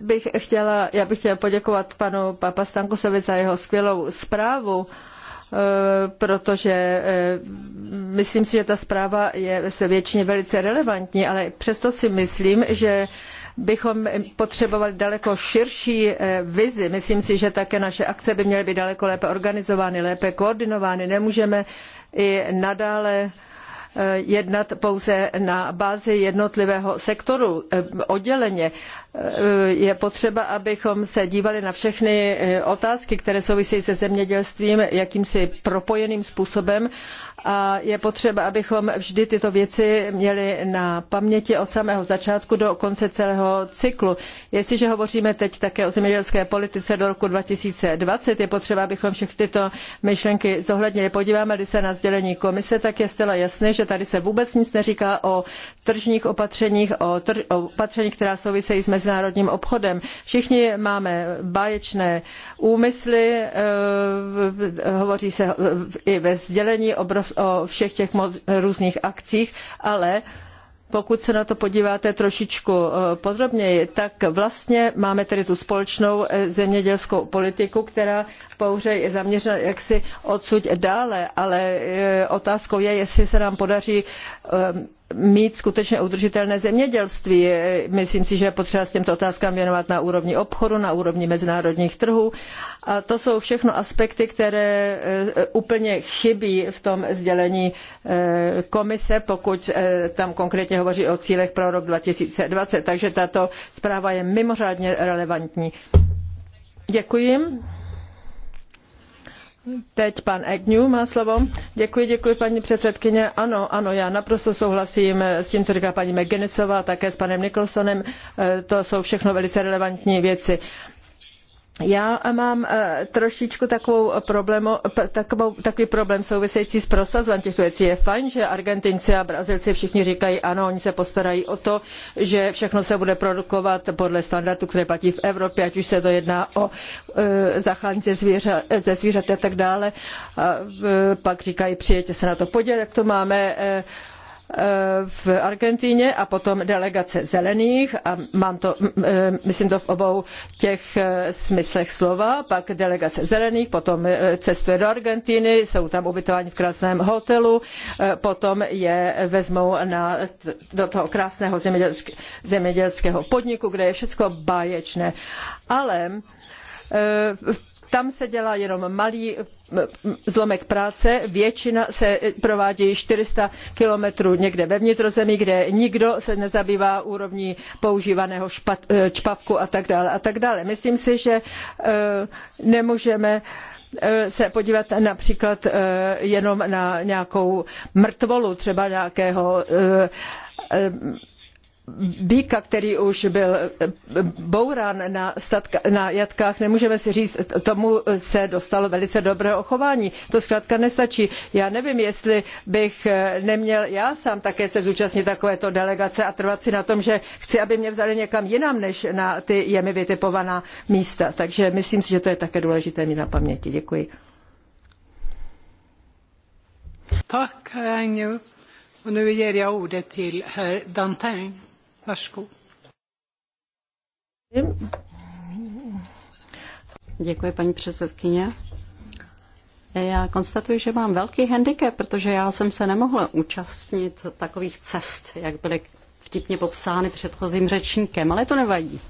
bych chtěla, já bych chtěla poděkovat panu Papastankusovi za jeho skvělou zprávu e, protože e, myslím si, že ta zpráva je se většině velice relevantní, ale přesto si myslím, že bychom potřebovali daleko širší e, vizi. Myslím si, že také naše akce by měly být daleko lépe organizovány, lépe koordinovány. Nemůžeme i nadále Eh, jednat pouze na bázi jednotlivého sektoru eh, odděleně. Eh, je potřeba, abychom se dívali na všechny otázky, které souvisejí se zemědělstvím jakýmsi propojeným způsobem a je potřeba, abychom vždy tyto věci měli na paměti od samého začátku do konce celého cyklu. Jestliže hovoříme teď také o zemědělské politice do roku 2020, je potřeba, abychom všechny tyto myšlenky zohlednili. Podíváme-li se na sdělení komise, tak je zcela jasné, že tady se vůbec nic neříká o tržních opatřeních, o, trž, o opatřeních, která souvisejí s mezinárodním obchodem. Všichni máme báječné úmysly, e, hovoří se eh, i ve sdělení obrovské o všech těch různých akcích, ale pokud se na to podíváte trošičku podrobněji, tak vlastně máme tedy tu společnou e, zemědělskou politiku, která pouze je zaměřena jaksi odsud dále, ale e, otázkou je, jestli se nám podaří e, mít skutečně udržitelné zemědělství. Myslím si, že je potřeba s těmto otázkám věnovat na úrovni obchodu, na úrovni mezinárodních trhů. A to jsou všechno aspekty, které eh, úplně chybí v tom sdělení eh, komise, pokud eh, tam konkrétně hovoří o cílech pro rok 2020. Takže tato zpráva je mimořádně relevantní. Děkuji. Teď pan má slovo. Děkuji, děkuji paní předsedkyně. Ano, ano, já naprosto souhlasím s tím, co říká paní McGinnisová, také s panem Nicholsonem. E, to jsou všechno velice relevantní věci. Já mám eh, trošičku takovou problemo, takovou, takový problém související s prosazováním těchto věcí. Je fajn, že Argentinci a Brazilci všichni říkají, ano, oni se postarají o to, že všechno se bude produkovat podle standardů, které platí v Evropě, ať už se to jedná o e, eh, zachránit ze, ze zvířat a tak dále. A, pak říkají, přijďte se na to podívat, jak to máme. E, Eh, v Argentíně a potom delegace zelených a mám to, eh, myslím to v obou těch eh, smyslech slova, pak delegace zelených, potom cestuje do Argentíny, jsou tam ubytováni v krásném hotelu, potom je vezmou na, do toho krásného zemědělského podniku, kde je všechno báječné. Ale tam se dělá jenom malý zlomek práce, většina se provádí 400 kilometrů někde ve vnitrozemí, kde nikdo se nezabývá úrovní používaného špat, eh, čpavku a tak dále a tak dále. Myslím si, že eh, nemůžeme eh, se podívat například jenom na nějakou mrtvolu třeba nějakého býka, který už byl eh, bourán na, statka, na jatkách, nemůžeme si říct, tomu se dostalo velice dobré ochování. To zkrátka nestačí. Já nevím, jestli bych eh, neměl já sám také se zúčastnit takovéto delegace a trvat si na tom, že chci, aby mě vzali někam jinam, než na ty jemi vytipovaná místa. Takže myslím si, že to je také důležité mít na paměti. Děkuji. Tak, Agnew. Och nu ger jag ordet till herr Dantin. Děkuji, paní předsedkyně. Já konstatuji, že mám velký handicap, protože já jsem se nemohla účastnit takových cest, jak byly vtipně popsány předchozím řečníkem, ale to nevadí.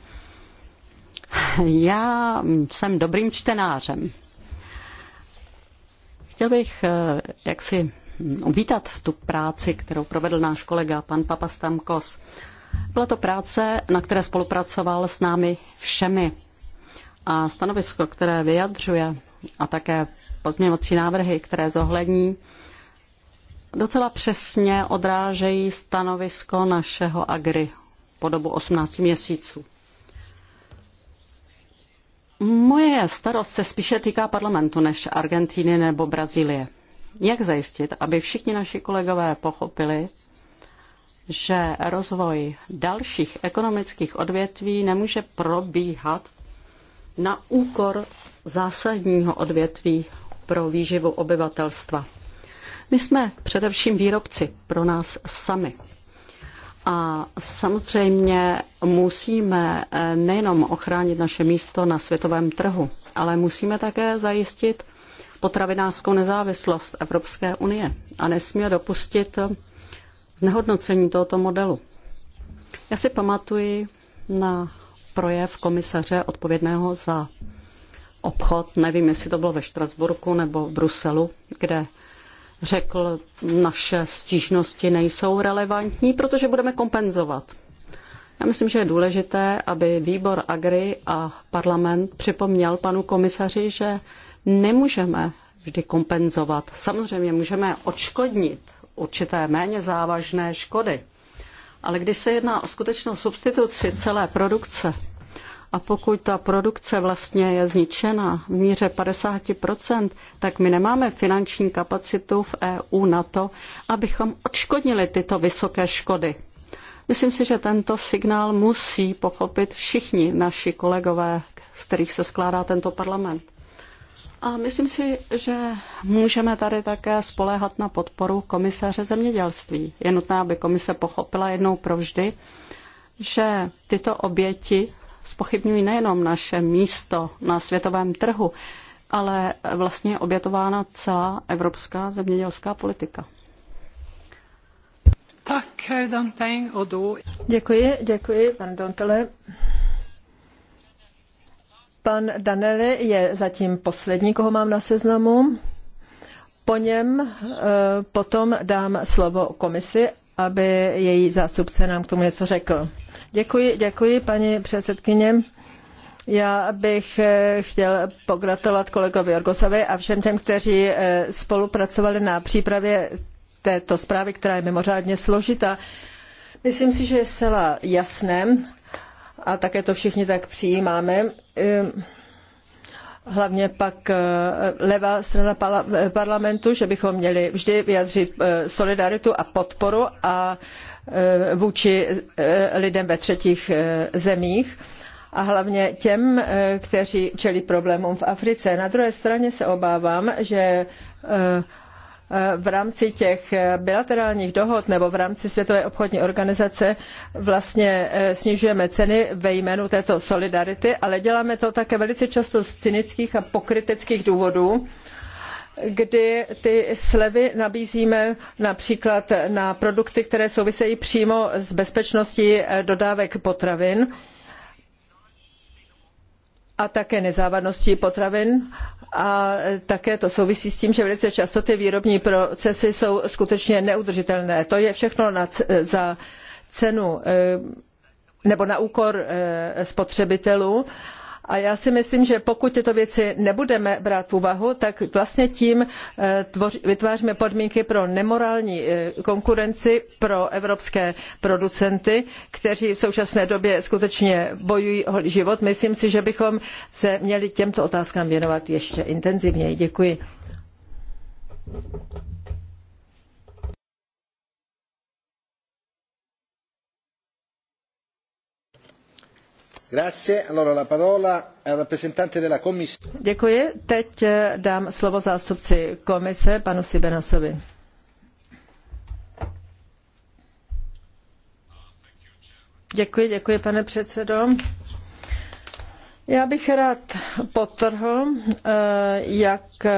Já jsem dobrým čtenářem. Chtěl bych eh, jaksi mm, uvítat tu práci, kterou provedl náš kolega pan Papastamkos. Stamkos byla to práce, na které spolupracoval s námi všemi. A stanovisko, které vyjadřuje, a také pozměvací návrhy, které zohlední, docela přesně odrážejí stanovisko našeho agry po dobu 18 měsíců. Moje starost se spíše týká parlamentu než Argentíny nebo Brazílie. Jak zajistit, aby všichni naši kolegové pochopili, že rozvoj dalších ekonomických odvětví nemůže probíhat na úkor zásadního odvětví pro výživu obyvatelstva. My jsme především výrobci pro nás sami. A samozřejmě musíme eh, nejenom ochránit naše místo na světovém trhu, ale musíme také zajistit potravinářskou nezávislost Evropské unie a nesmíme dopustit znehodnocení tohoto modelu. Já si pamatuji na projev komisaře odpovědného za obchod, nevím, jestli to bylo ve Štrasburku nebo v Bruselu, kde řekl, naše stížnosti nejsou relevantní, protože budeme kompenzovat. Já myslím, že je důležité, aby výbor Agri a parlament připomněl panu komisaři, že nemůžeme vždy kompenzovat. Samozřejmě můžeme odškodnit určité méně závažné škody. Ale když se jedná o skutečnou substituci celé produkce, a pokud ta produkce vlastně je zničena v míře 50%, tak my nemáme finanční kapacitu v EU na to, abychom odškodnili tyto vysoké škody. Myslím si, že tento signál musí pochopit všichni naši kolegové, z kterých se skládá tento parlament. A myslím si, že můžeme tady také spoléhat na podporu komisaře zemědělství. Je nutné, aby komise pochopila jednou provždy, že tyto oběti spochybňují nejenom naše místo na světovém trhu, ale vlastně je obětována celá evropská zemědělská politika. Tak, Herr eh, Dantin, Děkuji, děkuji, pan Dontele. Pan Danelli je zatím poslední, koho mám na seznamu. Po něm eh, potom dám slovo komisi, aby její zástupce nám k tomu něco řekl. Děkuji, děkuji, paní předsedkyně. Já bych eh, chtěl pogratulovat kolegovi Orgosovi a všem těm, kteří eh, spolupracovali na přípravě této zprávy, která je mimořádně složitá. Myslím si, že je zcela jasné, a také to všichni tak přijímáme. Ehm, hlavně pak eh, levá strana parlamentu, že bychom měli vždy vyjadřit eh, solidaritu a podporu a eh, vůči lidem ve třetích zemích a hlavně těm, kteří čelí problémům v Africe. Na druhé straně se obávám, že v rámci těch bilaterálních dohod nebo v rámci Světové obchodní organizace vlastně eh, snižujeme ceny ve jménu této solidarity, ale děláme to také velice často z cynických a pokryteckých důvodů kdy ty slevy nabízíme například na produkty, které souvisejí přímo s bezpečností eh, dodávek potravin a také nezávadností potravin a e, také to souvisí s tím, že velice často ty výrobní procesy jsou skutečně neudržitelné. To je všechno na, e, za cenu e, nebo na úkor spotřebitelů. A já si myslím, že pokud tyto věci nebudeme brát v úvahu, tak vlastně tím eh, vytváříme podmínky pro nemorální eh, konkurenci pro evropské producenty, kteří v současné době skutečně bojují o život. Myslím si, že bychom se měli těmto otázkám věnovat ještě intenzivněji. Děkuji. Děkuji. Teď eh, dám slovo zástupci komise, panu Sibenosovi. Děkuji, děkuji, pane předsedo. Já bych rád potrhl, eh, jak eh,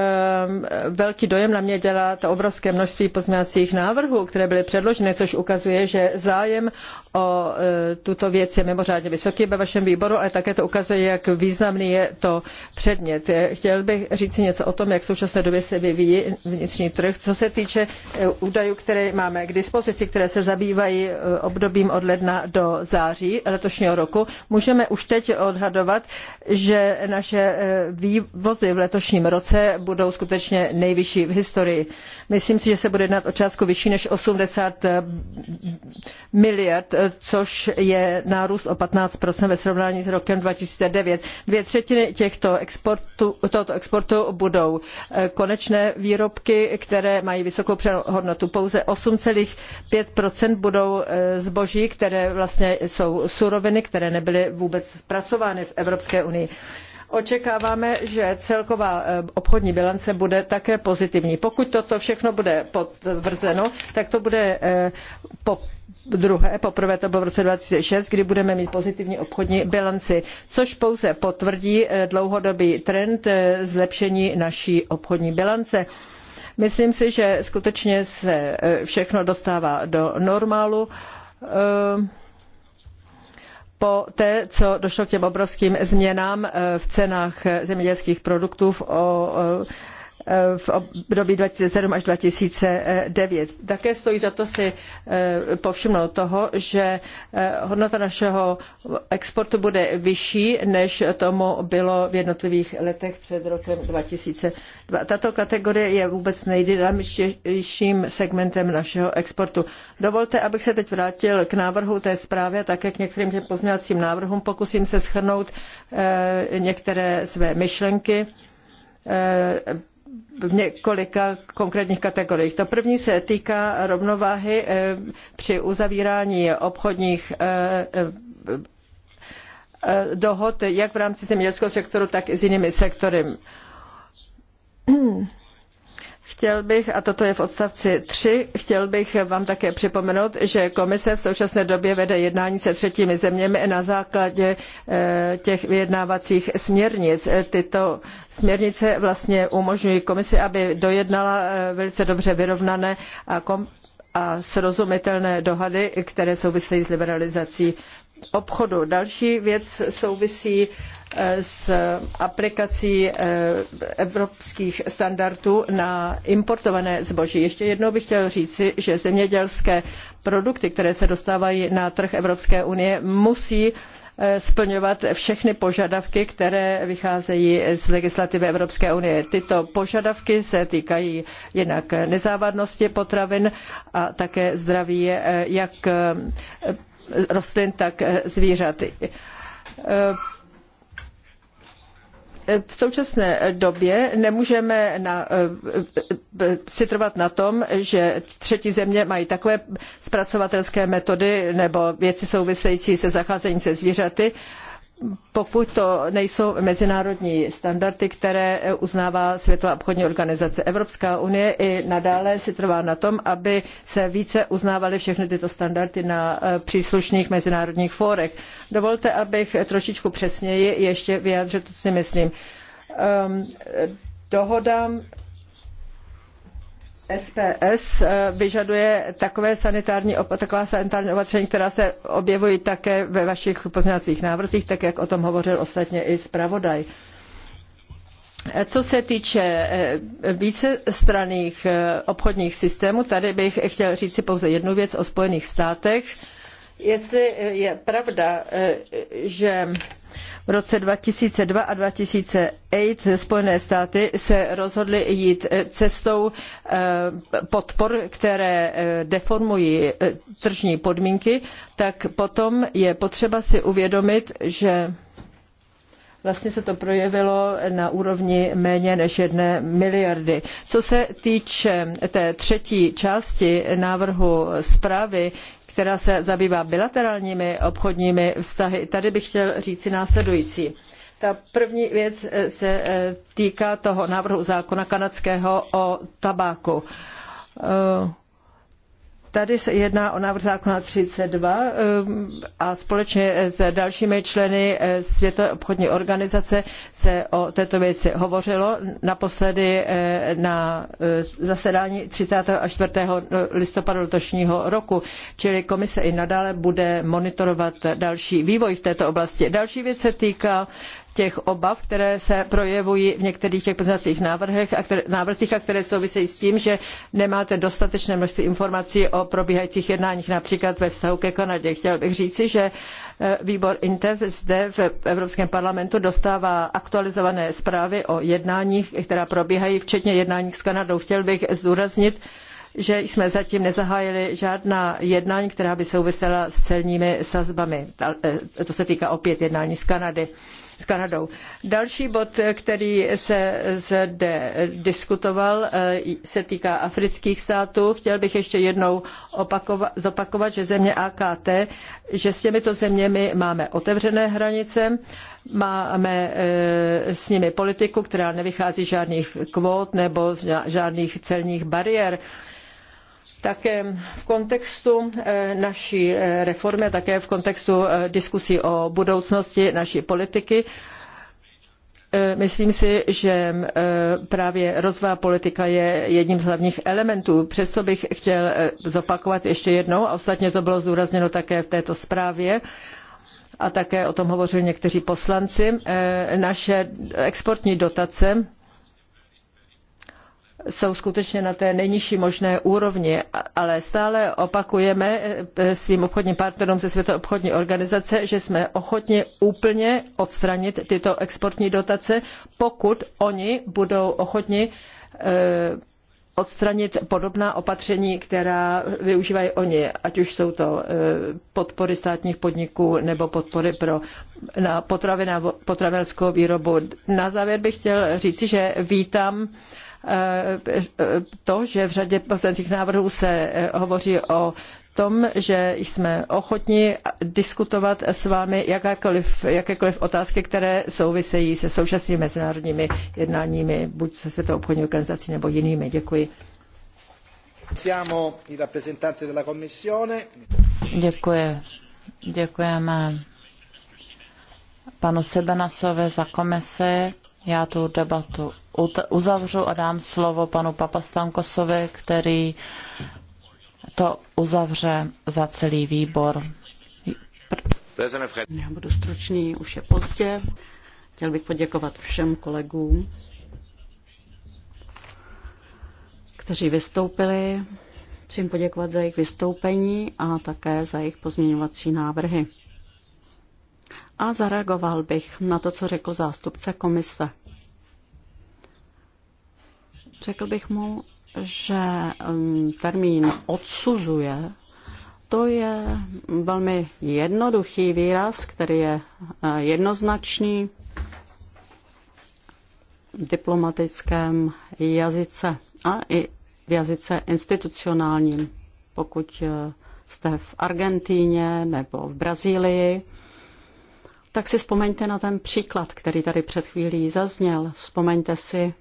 velký dojem na mě dělá to obrovské množství pozměňovacích návrhů, které byly předloženy, což ukazuje, že zájem o eh, tuto věc je mimořádně vysoký ve vašem výboru, ale také to ukazuje, jak významný je to předmět. Chtěl bych říct něco o tom, jak v současné době se vyvíjí vnitřní trh, co se týče údajů, které máme k dispozici, které se zabývají obdobím od ledna do září letošního roku. Můžeme už teď odhadovat, že naše eh, vývozy v letošním roce budou skutečně nejvyšší v historii. Myslím si, že se bude jednat o částku vyšší než 80 eh, miliard, eh, což je nárůst o 15 ve srovnání s rokem 2009. Dvě třetiny těchto exportu, tohoto exportu budou konečné výrobky, které mají vysokou hodnotu. Pouze 8,5 budou zboží, které vlastně jsou suroviny, které nebyly vůbec zpracovány v Evropské Evropské unii. Očekáváme, že celková eh, obchodní bilance bude také pozitivní. Pokud toto všechno bude potvrzeno, tak to bude eh, po druhé, poprvé to bylo v roce 2006, kdy budeme mít pozitivní obchodní bilanci, což pouze potvrdí eh, dlouhodobý trend zlepšení naší obchodní bilance. Myslím si, že skutečně se všechno dostává do normálu. Uh po té, co došlo k těm obrovským změnám eh, v cenách eh, zemědělských produktů o eh, v období 2007 až 2009. Také stojí za to si eh, povšimnout toho, že eh, hodnota našeho exportu bude vyšší, než tomu bylo v jednotlivých letech před rokem 2000. Tato kategorie je vůbec nejdynamičtějším segmentem našeho exportu. Dovolte, abych se teď vrátil k návrhu té zprávy a také k některým těm pozměňovacím návrhům. Pokusím se schrnout eh, některé své myšlenky v několika konkrétních kategoriích. To první se týká rovnováhy eh, při uzavírání obchodních eh, eh, dohod jak v rámci zemědělského sektoru, tak i s jinými sektory Chtěl bych, a toto je v odstavci 3, chtěl bych vám také připomenout, že komise v současné době vede jednání se třetími zeměmi na základě eh, těch vyjednávacích směrnic. Tyto směrnice vlastně umožňují komisi, aby dojednala eh, velice dobře vyrovnané a, a srozumitelné dohady, které souvisejí s liberalizací obchodu. Další věc souvisí eh, s aplikací eh, evropských standardů na importované zboží. Ještě jednou bych chtěl říci, že zemědělské produkty, které se dostávají na trh Evropské unie, musí eh, splňovat všechny požadavky, které vycházejí z legislativy Evropské unie. Tyto požadavky se týkají jednak nezávadnosti potravin a také zdraví jak rostlin, tak eh, zvířat. Eh, eh, v současné době nemůžeme na, citrovat trvat na tom, že třetí země mají takové zpracovatelské metody nebo věci související se zacházením se zvířaty, pokud to nejsou mezinárodní standardy, které eh, uznává Světová obchodní organizace. Evropská unie i nadále si trvá na tom, aby se více uznávaly všechny tyto standardy na eh, příslušných mezinárodních fórech. Dovolte, abych trošičku přesněji ještě vyjádřil to, co si myslím. Um, ehm, dohodám SPS eh, vyžaduje takové sanitární, taková sanitární opatření, která se objevují také ve vašich pozměňovacích návrzích, tak jak o tom hovořil ostatně i zpravodaj. Eh, co se týče eh, vícestranných obchodních systémů, tady bych chtěl říci pouze jednu věc o Spojených státech. Jestli je pravda, eh, že v roce 2002 a 2008 Spojené státy se rozhodly jít eh, cestou eh, podpor, které deformují tržní podmínky, tak potom je potřeba si uvědomit, že vlastně se to projevilo na úrovni méně než jedné miliardy. Co se týče té třetí části návrhu zprávy, která se zabývá bilaterálními obchodními vztahy, tady bych chtěl říci následující. Ta první věc eh, se eh, týká toho návrhu zákona kanadského o tabáku. Eh, Tady se jedná o návrh zákona 32 ehm, a společně s dalšími členy eh, Světové obchodní organizace se o této věci hovořilo naposledy eh, na eh, zasedání 30. a 4. listopadu letošního roku, čili komise i nadále bude monitorovat další vývoj v této oblasti. Další věc se týká těch obav, které se projevují v některých těch pozměňovacích návrhech a které, návrzích a které souvisejí s tím, že nemáte dostatečné množství informací o probíhajících jednáních například ve vztahu ke Kanadě. Chtěl bych říci, že eh, výbor INTEF zde v Evropském parlamentu dostává aktualizované zprávy o jednáních, která probíhají, včetně jednání s Kanadou. Chtěl bych zdůraznit, že jsme zatím nezahájili žádná jednání, která by souvisela s celními sazbami. Eh, to se týká opět jednání s Kanady s Kanadou. Další bod, který se zde diskutoval, eh, se týká afrických států. Chtěl bych ještě jednou zopakovat, že země AKT, že s těmito zeměmi máme otevřené hranice, máme eh, s nimi politiku, která nevychází z žádných kvót nebo z žádných celních bariér také v kontextu eh, naší eh, reformy a také v kontextu eh, diskusí o budoucnosti naší politiky. Myslím si, že právě rozvojová politika je jedním z hlavních elementů. Přesto bych chtěl zopakovat ještě jednou, a ostatně to bylo zdůrazněno také v této zprávě, a také o tom hovořili někteří poslanci, naše exportní dotace jsou skutečně na té nejnižší možné úrovni, ale stále opakujeme eh, svým obchodním partnerům ze Světové obchodní organizace, že jsme ochotni úplně odstranit tyto exportní dotace, pokud oni budou ochotni eh, odstranit podobná opatření, která využívají oni, ať už jsou to eh, podpory státních podniků nebo podpory pro, na potravinářskou výrobu. Na závěr bych chtěl říci, že vítám Eh, to, že v řadě poslaneckých návrhů se eh, hovoří o tom, že jsme ochotni diskutovat s vámi jakékoliv, jakékoliv otázky, které souvisejí se současnými mezinárodními jednáními, buď se Světovou obchodní organizací nebo jinými. Děkuji. Děkuji. Děkujeme panu Sebenasovi za komisi. Já tu debatu uzavřu a dám slovo panu Papastankosovi, který to uzavře za celý výbor. Já budu stručný, už je pozdě. Chtěl bych poděkovat všem kolegům, kteří vystoupili. Chci jim poděkovat za jejich vystoupení a také za jejich pozměňovací návrhy. A zareagoval bych na to, co řekl zástupce komise. Řekl bych mu, že um, termín odsuzuje, to je velmi jednoduchý výraz, který je eh, jednoznačný v diplomatickém jazyce a i v jazyce institucionálním. Pokud eh, jste v Argentíně nebo v Brazílii, tak si vzpomeňte na ten příklad, který tady před chvílí zazněl. Vzpomeňte si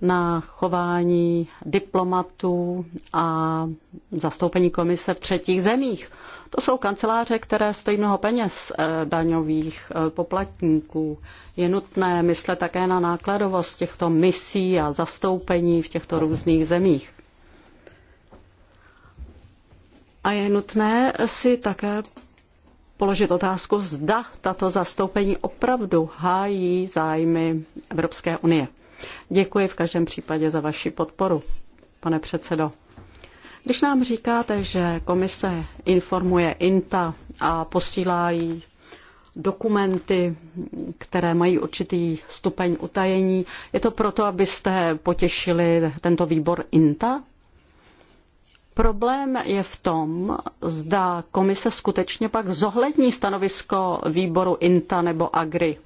na chování diplomatů a zastoupení komise v třetích zemích. To jsou kanceláře, které stojí mnoho peněz eh, daňových eh, poplatníků. Je nutné myslet také na nákladovost těchto misí a zastoupení v těchto různých zemích. A je nutné si také položit otázku, zda tato zastoupení opravdu hájí zájmy Evropské unie. Děkuji v každém případě za vaši podporu, pane předsedo. Když nám říkáte, že komise informuje INTA a posílá jí dokumenty, které mají určitý stupeň utajení, je to proto, abyste potěšili tento výbor INTA? Problém je v tom, zda komise skutečně pak zohlední stanovisko výboru INTA nebo AGRI.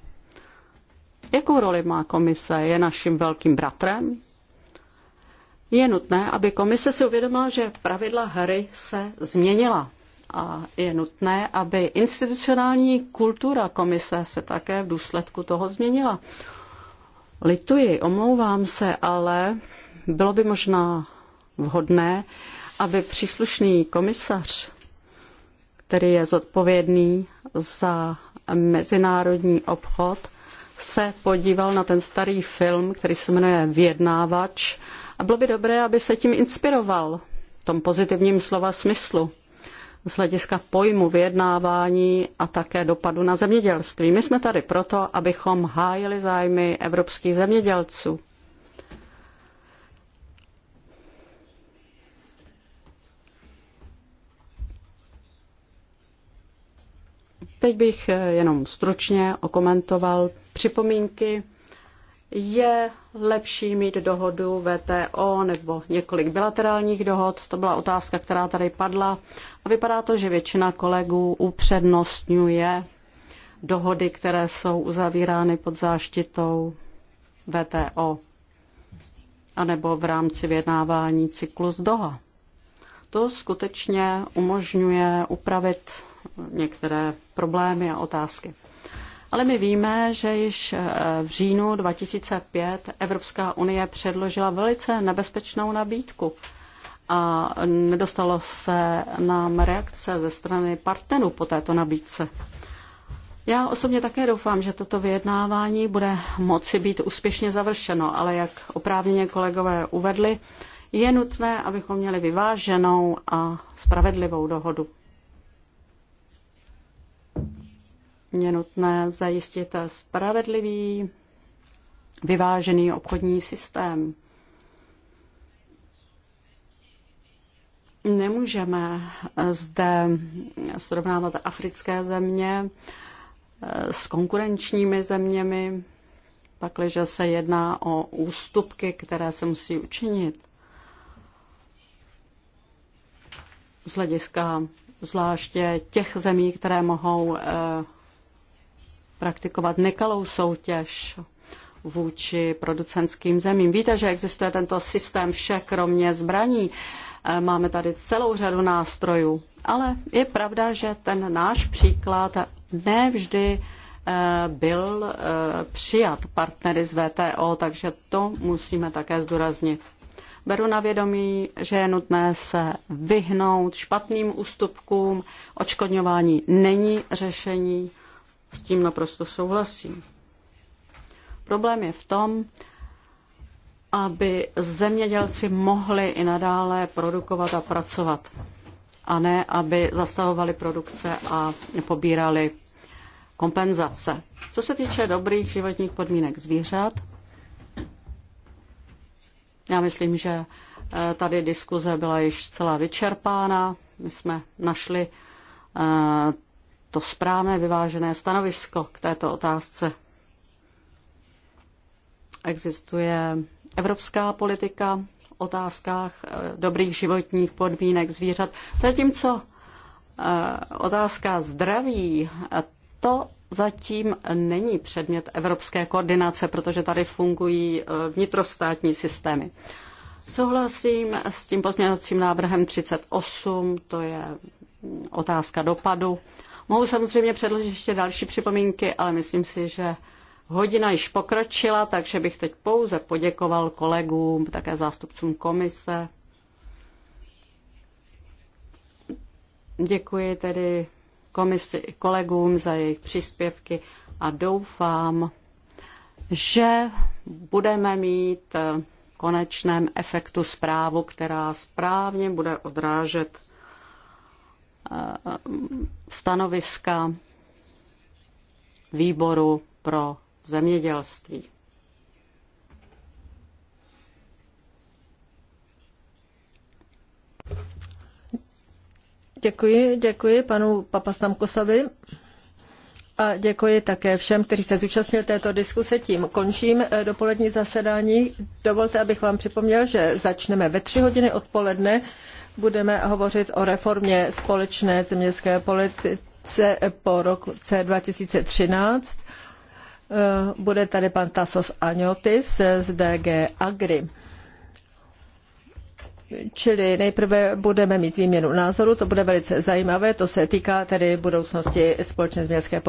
Jakou roli má komise? Je naším velkým bratrem? Je nutné, aby komise si uvědomila, že pravidla hry se změnila. A je nutné, aby institucionální kultura komise se také v důsledku toho změnila. Lituji, omlouvám se, ale bylo by možná vhodné, aby příslušný komisař, který je zodpovědný za mezinárodní obchod, se podíval na ten starý film, který se jmenuje Vyjednávač a bylo by dobré, aby se tím inspiroval v tom pozitivním slova smyslu z hlediska pojmu vyjednávání a také dopadu na zemědělství. My jsme tady proto, abychom hájili zájmy evropských zemědělců. Teď bych eh, jenom stručně okomentoval připomínky. Je lepší mít dohodu VTO nebo několik bilaterálních dohod? To byla otázka, která tady padla. A vypadá to, že většina kolegů upřednostňuje dohody, které jsou uzavírány pod záštitou VTO anebo v rámci vyjednávání cyklu z Doha. To skutečně umožňuje upravit některé problémy a otázky. Ale my víme, že již eh, v říjnu 2005 Evropská unie předložila velice nebezpečnou nabídku a nedostalo se nám reakce ze strany partnerů po této nabídce. Já osobně také doufám, že toto vyjednávání bude moci být úspěšně završeno, ale jak oprávněně kolegové uvedli, je nutné, abychom měli vyváženou a spravedlivou dohodu. Je nutné zajistit spravedlivý, vyvážený obchodní systém. Nemůžeme zde srovnávat africké země eh, s konkurenčními zeměmi, pakliže se jedná o ústupky, které se musí učinit. Z hlediska zvláště těch zemí, které mohou eh, praktikovat nekalou soutěž vůči producentským zemím. Víte, že existuje tento systém vše kromě zbraní. Eh, máme tady celou řadu nástrojů, ale je pravda, že ten náš příklad nevždy eh, byl eh, přijat partnery z VTO, takže to musíme také zdůraznit. Beru na vědomí, že je nutné se vyhnout špatným ústupkům. Očkodňování není řešení s tím naprosto souhlasím. Problém je v tom, aby zemědělci mohli i nadále produkovat a pracovat, a ne aby zastavovali produkce a pobírali kompenzace. Co se týče dobrých životních podmínek zvířat, já myslím, že eh, tady diskuze byla již celá vyčerpána. My jsme našli eh, to správné vyvážené stanovisko k této otázce. Existuje evropská politika v otázkách eh, dobrých životních podmínek zvířat, zatímco eh, otázka zdraví, eh, to zatím není předmět evropské koordinace, protože tady fungují vnitrostátní systémy. Souhlasím s tím pozměňovacím návrhem 38, to je otázka dopadu. Mohu samozřejmě předložit ještě další připomínky, ale myslím si, že hodina již pokročila, takže bych teď pouze poděkoval kolegům, také zástupcům komise. Děkuji tedy komisi i kolegům za jejich příspěvky a doufám, že budeme mít v konečném efektu zprávu, která správně bude odrážet Eh, stanoviska výboru pro zemědělství. Děkuji, děkuji panu Papastamkosovi a děkuji také všem, kteří se zúčastnili této diskuse. Tím končím eh, dopolední zasedání. Dovolte, abych vám připomněl, že začneme ve tři hodiny odpoledne budeme hovořit o reformě společné zemědělské politice po roku 2013. Eh, bude tady pan Tasos Aniotis z DG Agri. Čili nejprve budeme mít výměnu názoru, to bude velice zajímavé, to se týká tedy budoucnosti společné zemědělské politiky.